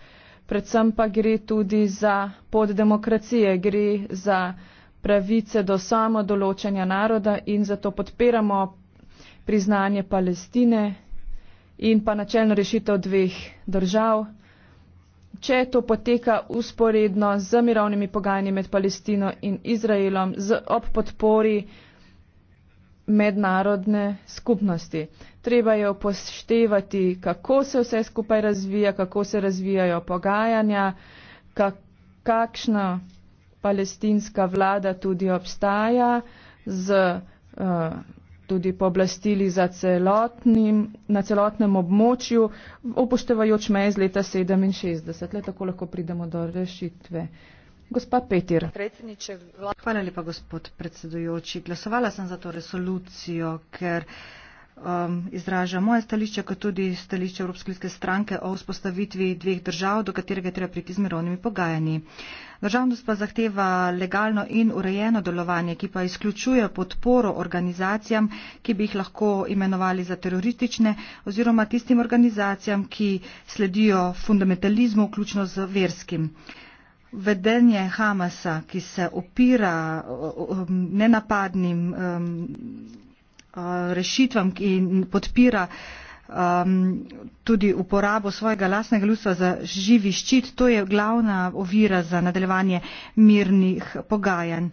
predvsem pa gre tudi za pod demokracije, gre za pravice do samodoločanja naroda in zato podpiramo priznanje Palestine in pa načelno rešitev dveh držav. Če to poteka usporedno z mirovnimi pogajanji med Palestino in Izraelom z ob podpori mednarodne skupnosti. Treba je upoštevati, kako se vse skupaj razvija, kako se razvijajo pogajanja, kak, kakšna palestinska vlada tudi obstaja z uh, tudi pooblastili na celotnem območju, upoštevajoč meje z leta 67. Le tako lahko pridemo do rešitve. Gospa Petir. Hvala lepa, gospod predsedujoči. Glasovala sem za to resolucijo, ker um, izraža moje stališče, kot tudi stališče Evropske ljudske stranke o vzpostavitvi dveh držav, do katerega je treba priti z mirovnimi pogajanji. Državnost pa zahteva legalno in urejeno delovanje, ki pa izključuje podporo organizacijam, ki bi jih lahko imenovali za teroristične oziroma tistim organizacijam, ki sledijo fundamentalizmu, vključno z verskim. Vedenje Hamasa, ki se opira nenapadnim. Um, rešitvam in podpira um, tudi uporabo svojega lasnega ljudstva za živi ščit, to je glavna ovira za nadaljevanje mirnih pogajanj.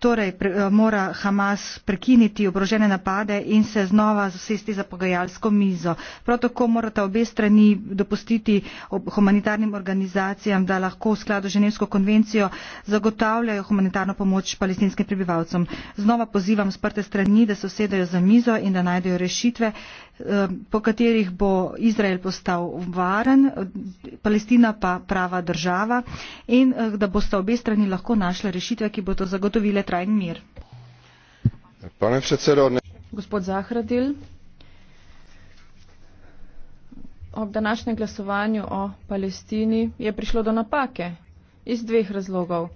Torej pre, eh, mora Hamas prekiniti obrožene napade in se znova zasesti za pogajalsko mizo. Prav tako morata obe strani dopustiti humanitarnim organizacijam, da lahko v skladu z Ženevsko konvencijo zagotavljajo humanitarno pomoč palestinskim prebivalcem. Znova pozivam sprte strani, da se sedajo za mizo in da najdejo rešitve. Eh, po katerih bo Izrael postal varen, Palestina pa prava država in eh, da boste obe strani lahko našle rešitve, ki bodo zagotovile trajen mir. Pane predsedo, ne. Gospod Zahradil. Ob današnjem glasovanju o Palestini je prišlo do napake iz dveh razlogov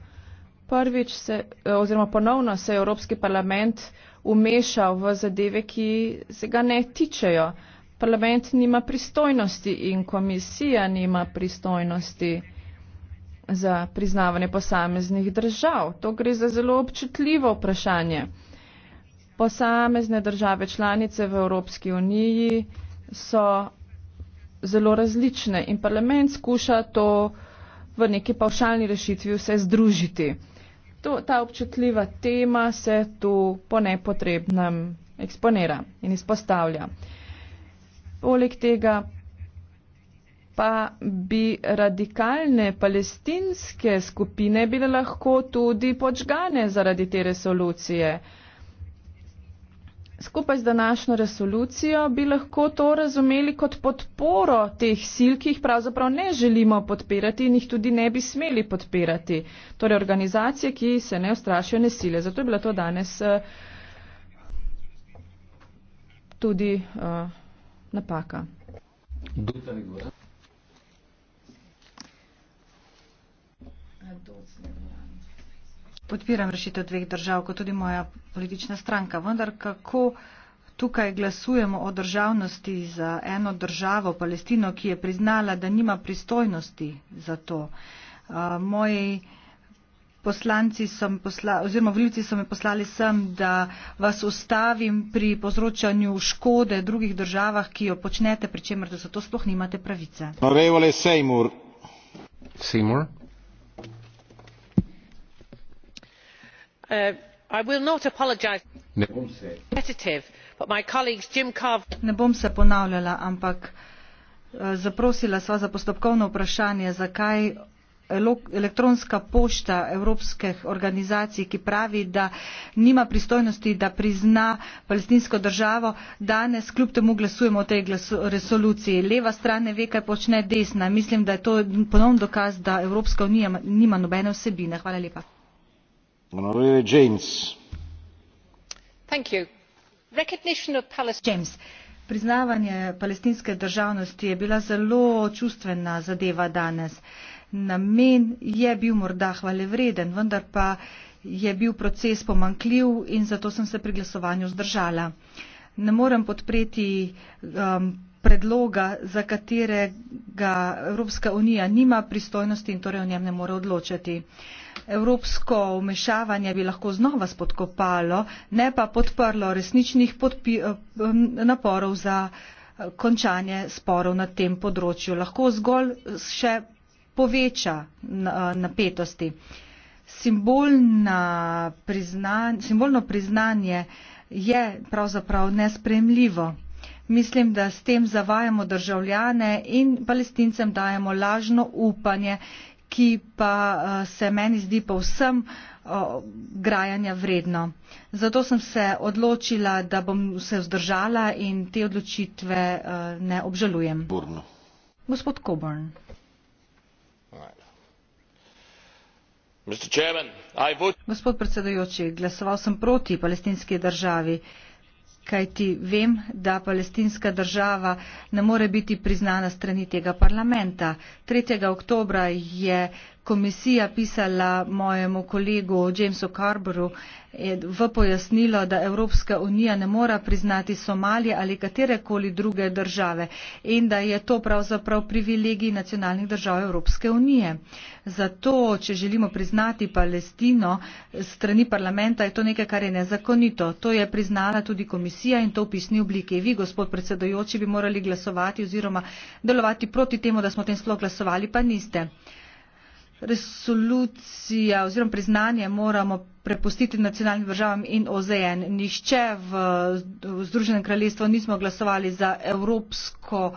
prvič se, oziroma ponovno se je Evropski parlament umešal v zadeve, ki se ga ne tičejo. Parlament nima pristojnosti in komisija nima pristojnosti za priznavanje posameznih držav. To gre za zelo občutljivo vprašanje. Posamezne države članice v Evropski uniji so zelo različne in parlament skuša to v neki pavšalni rešitvi vse združiti to, ta občutljiva tema se tu po nepotrebnem eksponira in izpostavlja. Poleg tega pa bi radikalne palestinske skupine bile lahko tudi počgane zaradi te resolucije. Uh, skupaj z današnjo resolucijo bi lahko to razumeli kot podporo teh sil, ki jih pravzaprav ne želimo podpirati in jih tudi ne bi smeli podpirati. Torej organizacije, ki se ne ustrašijo nasilje. Zato je bila to danes eh, tudi uh, napaka. Dutarigora podpiram rešitev dveh držav, kot tudi moja politična stranka. Vendar kako tukaj glasujemo o državnosti za eno državo, Palestino, ki je priznala, da nima pristojnosti za to. Moji poslanci so me poslali, oziroma voljivci so me poslali sem, da vas ustavim pri povzročanju škode drugih državah, ki jo počnete, pri čemer da za to sploh nimate pravice. Seymour. Seymour. Uh, i will not apologise for being repetitive but my colleagues jim carver. ne bom se ponavljala ampak uh, zaprosila sva za postopkovno vprašanje zakaj elektronska pošta evropskih organizacij ki pravi da nima pristojnosti da prizna palestinsko državo danes kljub temu glasujemo o tej resoluciji. leva stran ne ve kaj počne desna. mislim da je to ponoven dokaz da evropska unija nima nobene vsebine priznavanje palestinske državnosti je bila zelo čustvena zadeva danes. namen je bil morda hvalevreden vendar pa je bil proces pomanjkljiv in zato sem se pri glasovanju vzdržala. ne morem podpreti um, predloga za katerega evropska unija nima pristojnosti in torej o njem ne more odločati evropsko vmešavanje bi lahko znova spodkopalo ne pa podprlo resničnih eh, naporov za eh, končanje sporov na tem področju lahko zgolj še poveča eh, napetosti. Simbolna priznan, simbolno priznanje je pravzaprav nesprejemljivo. Mislim, da s tem zavajamo državljane in palestincem dajemo lažno upanje ki pa eh, se meni zdi pa vsem eh, grajanja vredno. Zato sem se odločila, da bom se vzdržala in te odločitve eh, ne obžalujem. Burno. Gospod Coburn. Gospod predsedujoči, glasoval sem proti palestinski državi kajti vem, da palestinska država ne more biti priznana strani tega parlamenta. 3. oktobra je komisija pisala mojemu kolegu Jamesu Carberu v pojasnilo, da Evropska unija ne mora priznati Somalije ali katerekoli druge države in da je to pravzaprav privilegij nacionalnih držav Evropske unije. Zato, če želimo priznati Palestino strani parlamenta, je to nekaj, kar je nezakonito. To je priznala tudi komisija in to v pisni obliki. Vi, gospod predsedojoči, bi morali glasovati oziroma delovati proti temu, da smo o tem sploh glasovali, pa niste resolucija oziroma priznanje moramo prepustiti nacionalnim državam in OZN. Nišče v, v Združenem kraljestvu nismo glasovali za evropsko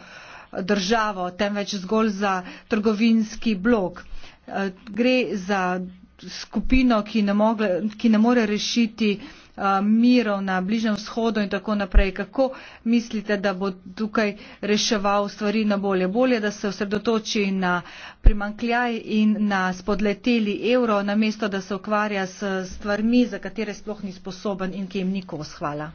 državo, temveč zgolj za trgovinski blok. E, gre za skupino, ki ne, mogla, ki ne more rešiti Eh, mirov na bližnjem vzhodu in tako naprej kako mislite da bo tukaj reševal stvari na bolje bolje da se osredotoči na primanjkljaj in na spodleteli evro namesto da se ukvarja s stvarmi za katere sploh ni sposoben in ki jim ni kos hvala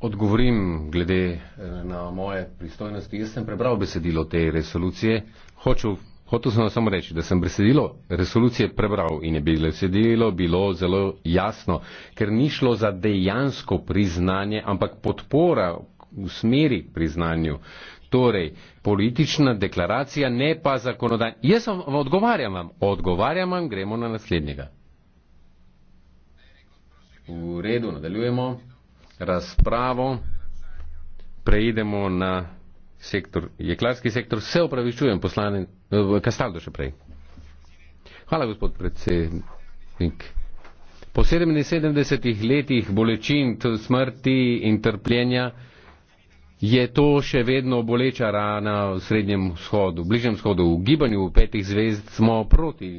Odgovorim glede eh, na moje pristojnosti. Jaz sem prebral besedilo te resolucije, hočem Hotel sem samo reči, da sem besedilo resolucije prebral in je bilo besedilo bilo zelo jasno, ker ni šlo za dejansko priznanje, ampak podpora v smeri priznanju. Torej, politična deklaracija, ne pa zakonodajna. Jaz vam odgovarjam, vam. odgovarjam vam, gremo na naslednjega. V redu, nadaljujemo razpravo. Preidemo na sektor, jeklarski sektor, se opravičujem poslanem Kastaldo eh, še prej. Hvala, gospod predsednik. Po 77 letih bolečin, smrti in trpljenja je to še vedno boleča rana v Srednjem vzhodu, v Bližnjem vzhodu, v gibanju petih zvezd smo proti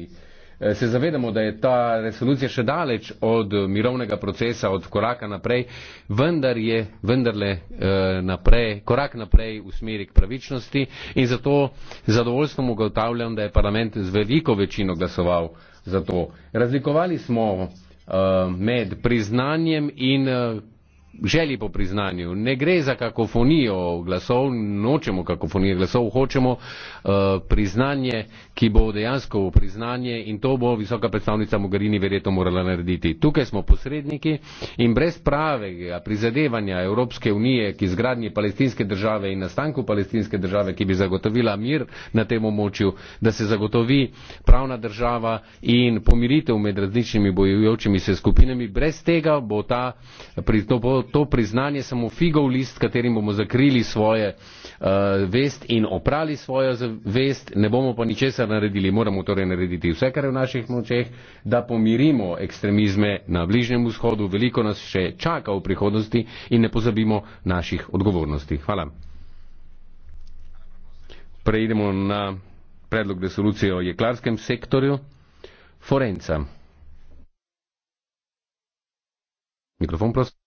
Eh, se zavedamo, da je ta resolucija še daleč od mirovnega procesa, od koraka naprej, vendar je vendarle eh, naprej, korak naprej v smeri k pravičnosti in zato zadovoljstvom ugotavljam, da je parlament z veliko večino glasoval za to. Razlikovali smo eh, med priznanjem in želji po priznanju. Ne gre za kakofonijo glasov, nočemo kakofonije glasov, hočemo uh, priznanje, ki bo dejansko priznanje in to bo visoka predstavnica Mogherini verjetno morala narediti. Tukaj smo posredniki in brez pravega prizadevanja Evropske unije k izgradnji palestinske države in nastanku palestinske države, ki bi zagotovila mir na tem območju, da se zagotovi pravna država in pomiritev med različnimi bojujočimi se skupinami, brez tega bo ta pristop to priznanje samo figov list, katerim bomo zakrili svoje uh, vest in oprali svojo vest, ne bomo pa ničesar naredili. Moramo torej narediti vse, kar je v naših močeh, da pomirimo ekstremizme na Bližnjem vzhodu. Veliko nas še čaka v prihodnosti in ne pozabimo naših odgovornosti. Hvala. Preidemo na predlog resolucije o jeklarskem sektorju. Forenca. Mikrofon prosim.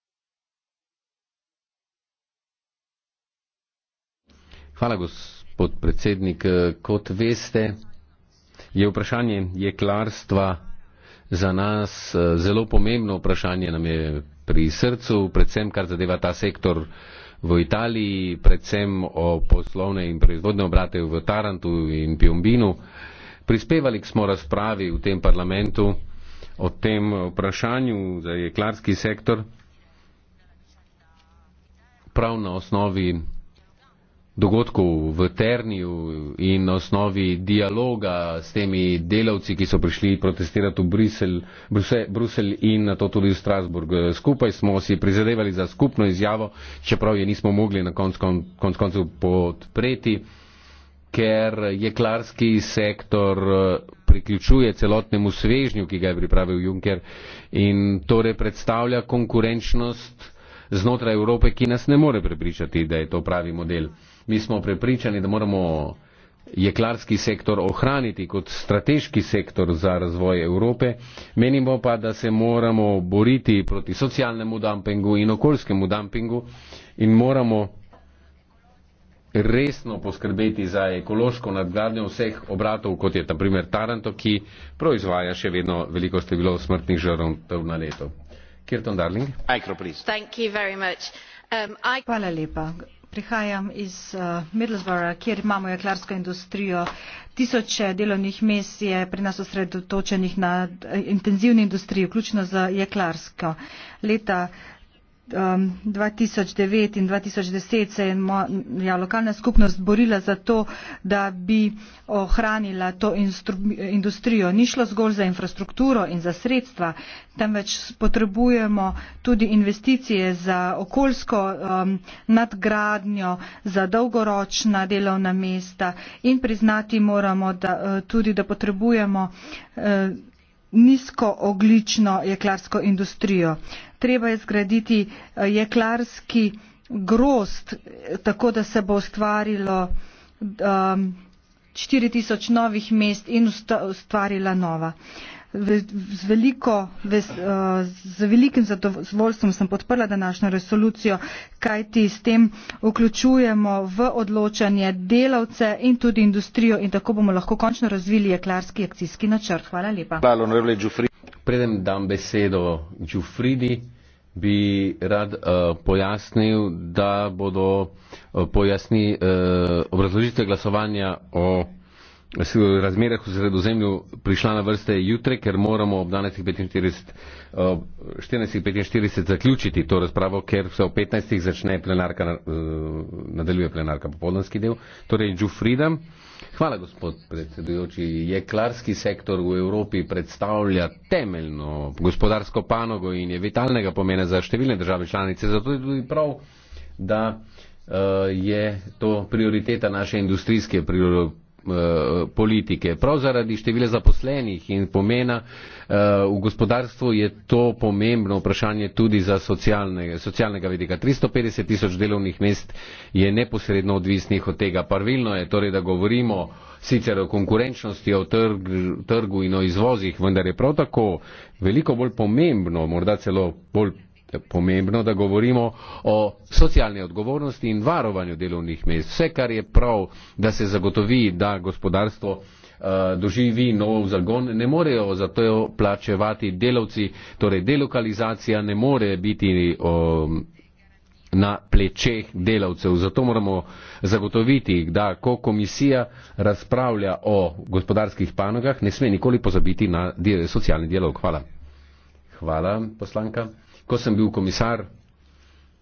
Hvala, gospod predsednik. Kot veste, je vprašanje jeklarstva za nas eh, zelo pomembno vprašanje, nam je pri srcu, predvsem kar zadeva ta sektor v Italiji, predvsem o poslovne in proizvodne obrate v Tarantu in Piombinu. Prispevali smo razpravi v tem parlamentu o tem vprašanju za jeklarski sektor prav na osnovi dogodkov v Terniju in na osnovi dialoga s temi delavci, ki so prišli protestirati v Bruselj Brusel in na to tudi v Strasburg. Skupaj smo si prizadevali za skupno izjavo, čeprav je nismo mogli na konc, konc koncu podpreti, ker je klarski sektor eh, priključuje celotnemu svežnju, ki ga je pripravil Juncker in torej predstavlja konkurenčnost znotraj Evrope, ki nas ne more prepričati, da je to pravi model. Mi smo prepričani, da moramo jeklarski sektor ohraniti kot strateški sektor za razvoj Evrope. Menimo pa, da se moramo boriti proti socialnemu dumpingu in okoljskemu dumpingu in moramo resno poskrbeti za ekološko nadgradnjo vseh obratov, kot je na primer Taranto, ki proizvaja še vedno veliko število smrtnih žrtev na leto. Kirton Darling. Um, Hvala lepa. Prihajam iz eh, Middlesbrougha, kjer imamo jeklarsko industrijo. Tisoče delovnih mest je pri nas osredotočenih na eh, intenzivni industriji, vključno z jeklarsko. Leta um, 2009 in 2010 se je ja, lokalna skupnost borila za to, da bi ohranila to industrijo. Ni šlo zgolj za infrastrukturo in za sredstva, temveč potrebujemo tudi investicije za okoljsko um, nadgradnjo, za dolgoročna delovna mesta in priznati moramo da, uh, tudi, da potrebujemo uh, nizkooglično jeklarsko industrijo. Treba je zgraditi eh, jeklarski grost, eh, tako da se bo ustvarilo um, eh, 4000 novih mest in ustvarila nova. Uh, z, veliko, eh, z velikim zadovoljstvom sem podprla današnjo resolucijo, kajti s tem vključujemo v odločanje delavce in tudi industrijo in tako bomo lahko končno razvili jeklarski akcijski načrt. Hvala lepa. Preden dam besedo Džufridi, bi rad uh, pojasnil, da bodo uh, pojasni uh, obrazložitve glasovanja o se v razmerah v sredozemlju prišla na vrste jutre, ker moramo ob 14.45 zaključiti to razpravo, ker se ob 15. začne plenarka, eh, nadaljuje plenarka popolnanski del. Torej, Joe Freedom. Hvala, gospod predsedujoči. Jeklarski sektor v Evropi predstavlja temeljno gospodarsko panogo in je vitalnega pomena za številne države članice. Zato je tudi prav, da uh, je to prioriteta naše industrijske prioritete Eh, politike. Prav zaradi števila zaposlenih in pomena eh, v gospodarstvu je to pomembno vprašanje tudi za socialne, socialnega vidika. 350 tisoč delovnih mest je neposredno odvisnih od tega. Pravilno je torej, da govorimo sicer o konkurenčnosti, o trg, trgu in o izvozih, vendar je prav tako veliko bolj pomembno, morda celo bolj pomembno, da govorimo o socialni odgovornosti in varovanju delovnih mest. Vse, kar je prav, da se zagotovi, da gospodarstvo eh, doživi nov zagon, ne morejo za to plačevati delavci, torej delokalizacija ne more biti o, um, na plečeh delavcev. Zato moramo zagotoviti, da ko komisija razpravlja o gospodarskih panogah, ne sme nikoli pozabiti na socialni dialog. Hvala. Hvala, poslanka. Ko sem bil komisar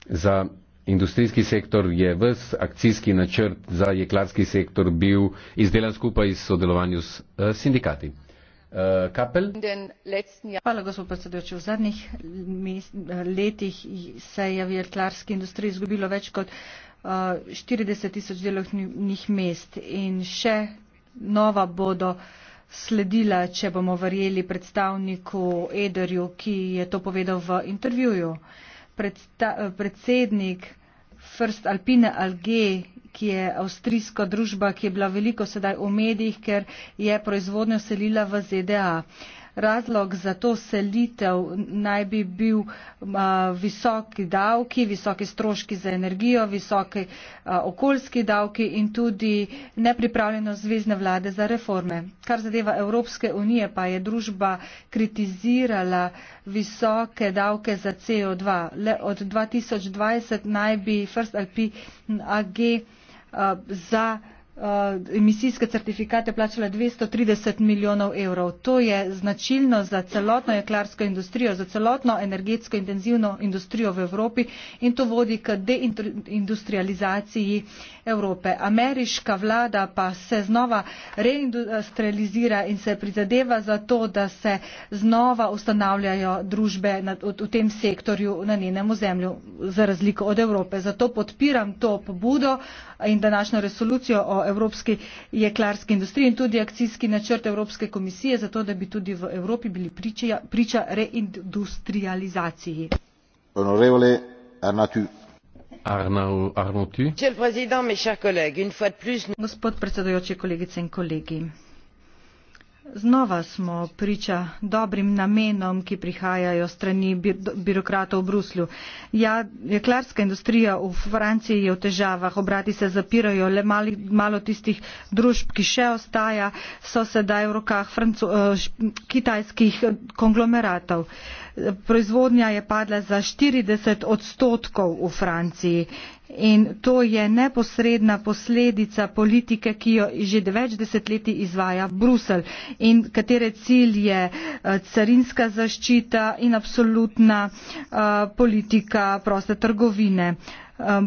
za industrijski sektor, je vs akcijski načrt za jeklarski sektor bil izdelan skupaj s sodelovanjem s eh, sindikati. Eh, Kapel. Hvala, gospod predsedujoči. V zadnjih letih se je v jeklarski industriji izgubilo več kot 40 eh, tisoč delovnih mest in še nova bodo uh, sledila, če bomo verjeli predstavniku Ederju, ki je to povedal v intervjuju. Predsta, predsednik First Alpine LG, ki je avstrijska družba, ki je bila veliko sedaj v medijih, ker je proizvodnjo selila v ZDA. Uh, Razlog za to selitev naj bi bil a, visoki davki, visoki stroški za energijo, visoki a, okoljski davki in tudi nepripravljenost zvezdne vlade za reforme. Kar zadeva Evropske unije, pa je družba kritizirala visoke davke za CO2. Le od 2020 naj bi First LP AG a, za Eh, emisijske certifikate plačala dvesto trideset milijonov evrov to je značilno za celotno jeklarsko industrijo za celotno energetsko intenzivno industrijo v evropi in to vodi k deindustrializaciji evrope ameriška vlada pa se znova reindustrializira in se prizadeva za to da se znova ustanavljajo družbe v tem sektorju na njenem ozemlju za razliko od evrope zato podpiram to pobudo in današnjo resolucijo o evropski jeklarski industriji in tudi akcijski načrt Evropske komisije za to, da bi tudi v Evropi bili priča, priča reindustrializaciji. Gospod predsedujoči, kolegice in kolegi. Znova smo priča dobrim namenom, ki prihajajo strani birokratov v Bruslju. Ja, jeklarska industrija v Franciji je v težavah, obrati se zapirajo, le mali, malo tistih družb, ki še ostaja, so sedaj v rokah Francu, eh, kitajskih eh, konglomeratov. Proizvodnja je padla za 40 odstotkov v Franciji in to je neposredna posledica politike, ki jo že več desetletij izvaja Bruselj in katere cilj je eh, carinska zaščita in absolutna eh, politika proste trgovine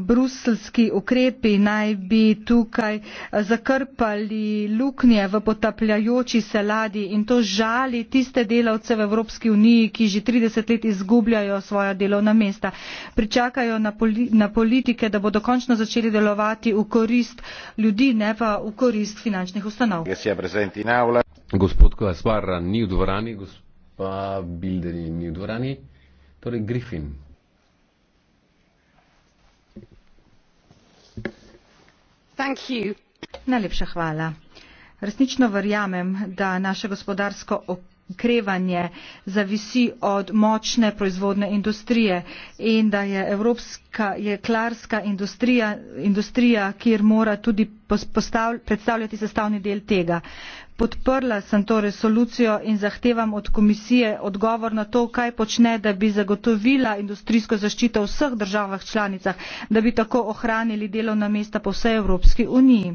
bruseljski ukrepi naj bi tukaj eh, zakrpali luknje v potapljajoči se ladji in to žali tiste delavce v Evropski uniji, ki že 30 let izgubljajo svoja delovna mesta. Pričakajo na, poli na politike, da bodo končno začeli delovati v korist ljudi, ne pa v korist finančnih ustanov. Gospod Kvasparra ni v dvorani, gospa Bilderi ni v dvorani, torej Griffin. Najlepša hvala. Resnično verjamem, da naše gospodarsko okrevanje zavisi od močne proizvodne industrije in da je evropska jeklarska industrija, industrija kjer mora tudi predstavljati sestavni del tega podprla sem to resolucijo in zahtevam od komisije odgovor na to kaj počne da bi zagotovila industrijsko zaščito v vseh državah članicah da bi tako ohranili delovna mesta po vsej evropski uniji.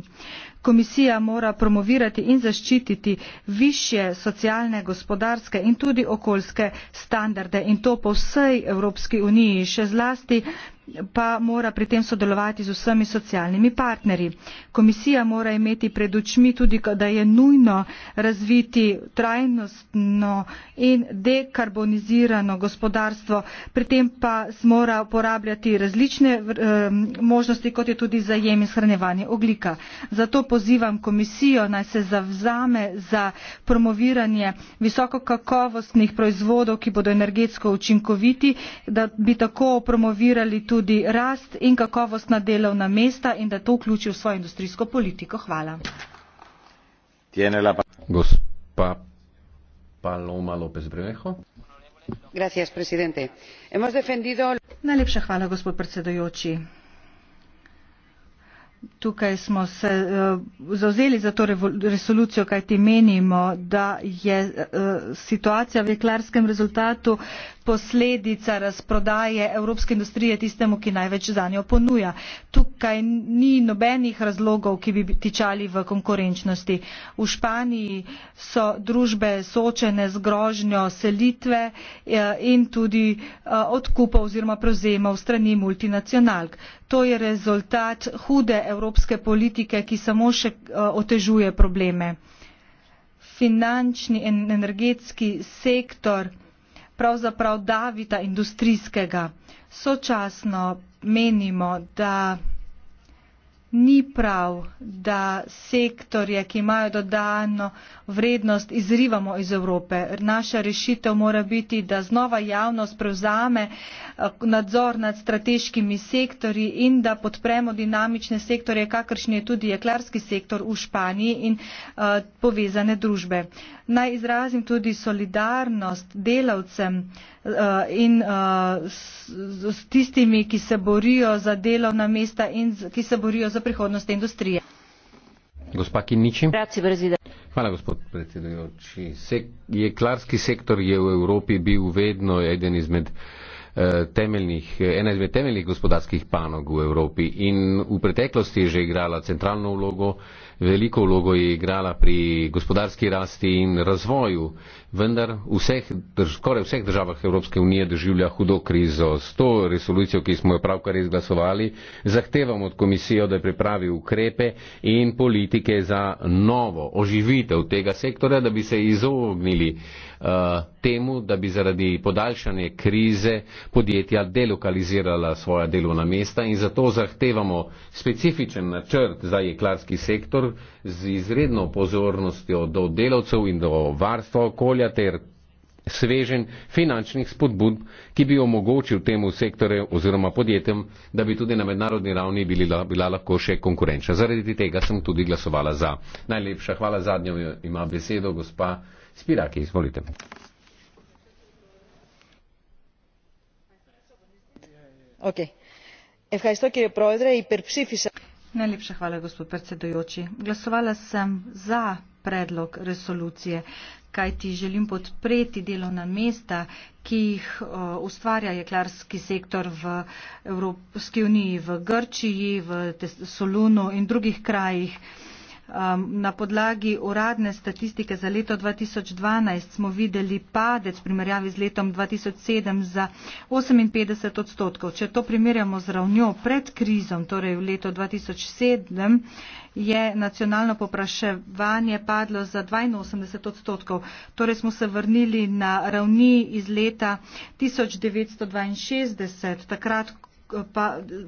komisija mora promovirati in zaščititi višje socialne gospodarske in tudi okoljske standarde in to po vsej evropski uniji še zlasti pa mora pri tem sodelovati z vsemi socialnimi partnerji. Komisija mora imeti pred očmi tudi, da je nujno razviti trajnostno in dekarbonizirano gospodarstvo, pri tem pa mora uporabljati različne um, možnosti, kot je tudi zajem in shranjevanje oglika. Zato pozivam komisijo naj se zavzame za promoviranje visokokakovostnih proizvodov, ki bodo energetsko učinkoviti, da bi tako promovirali tudi tudi rast in kakovostna delovna mesta in da to vključi v svojo industrijsko politiko. Hvala. Najlepša hvala, gospod predsedujoči tukaj smo se eh, zavzeli za to resolucijo, kajti menimo, da je eh, situacija v jeklarskem rezultatu posledica razprodaje evropske industrije tistemu, ki največ za njo ponuja. Tukaj ni nobenih razlogov, ki bi tičali v konkurenčnosti. V Španiji so družbe soočene z grožnjo selitve eh, in tudi odkupov oziroma prevzemov strani multinacionalk. To je rezultat hude evropske politike ki samo še eh, otežuje probleme. finančni in energetski sektor pravzaprav davita industrijskega. sočasno menimo da ni prav, da sektorje, ki imajo dodano vrednost, izrivamo iz Evrope. Naša rešitev mora biti, da znova javnost prevzame eh, nadzor nad strateškimi sektorji in da podpremo dinamične sektorje, kakršni je tudi jeklarski sektor v Španiji in eh, povezane družbe. Naj izrazim tudi solidarnost delavcem, Eh, in eh, s tistimi, ki se borijo za delovna mesta in ki se borijo za prihodnost industrije. Gospa Kiniči. Hvala, gospod predsedujoči. Jeklarski sektor je v Evropi bil vedno eden izmed eh, temeljnih, ena izmed temeljnih gospodarskih panog v Evropi in v preteklosti je že igrala centralno vlogo, veliko vlogo je igrala pri gospodarski rasti in razvoju vendar vseh, skoraj vseh državah Evropske unije doživlja hudo krizo. S to resolucijo, ki smo jo pravkar izglasovali, zahtevamo od komisijo, da pripravi ukrepe in politike za novo oživitev tega sektora, da bi se izognili uh, temu, da bi zaradi podaljšanje krize podjetja delokalizirala svoja delovna mesta in zato zahtevamo specifičen načrt za jeklarski sektor z izredno pozornostjo do delavcev in do varstva okolja okolja ter svežen finančnih spodbud, ki bi omogočil temu sektorju oziroma podjetjem, da bi tudi na mednarodni ravni bila, bila lahko še konkurenčna. Zaradi tega sem tudi glasovala za. Najlepša hvala zadnjo ima besedo gospa Spiraki. Izvolite. Okay. Najlepša hvala, gospod predsedujoči. Glasovala sem za predlog resolucije kajti želim podpreti delovna mesta, ki jih eh, ustvarja jeklarski sektor v Evropski uniji, v Grčiji, v Solunu in drugih krajih. Um, na podlagi uradne statistike za leto 2012 smo videli padec v primerjavi z letom 2007 za 58 odstotkov. Če to primerjamo z ravnjo pred krizom, torej v leto 2007, je nacionalno popraševanje padlo za 82 odstotkov. Torej smo se vrnili na ravni iz leta 1962, takrat,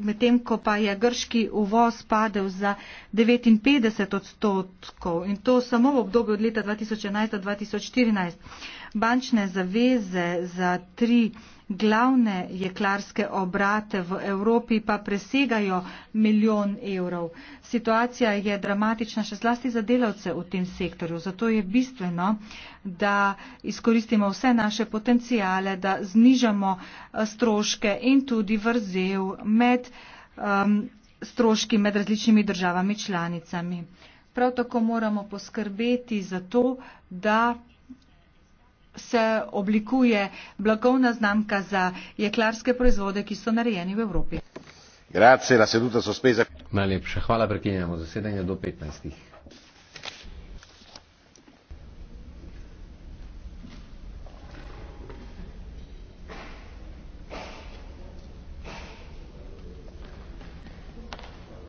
medtem ko pa je grški uvoz padel za 59 odstotkov in to samo v obdobju od leta 2011 do 2014. Bančne zaveze za tri glavne jeklarske obrate v Evropi pa presegajo milijon evrov. Situacija je dramatična še zlasti za delavce v tem sektorju, zato je bistveno, da izkoristimo vse naše potencijale, da znižamo eh, stroške in tudi vrzel med um, stroški med različnimi državami članicami. Prav tako moramo poskrbeti za to, da se oblikuje blagovna znamka za jeklarske proizvode, ki so narejeni v Evropi. Grazie, la seduta sospesa. Najlepša hvala, prekinjamo zasedanje do 15.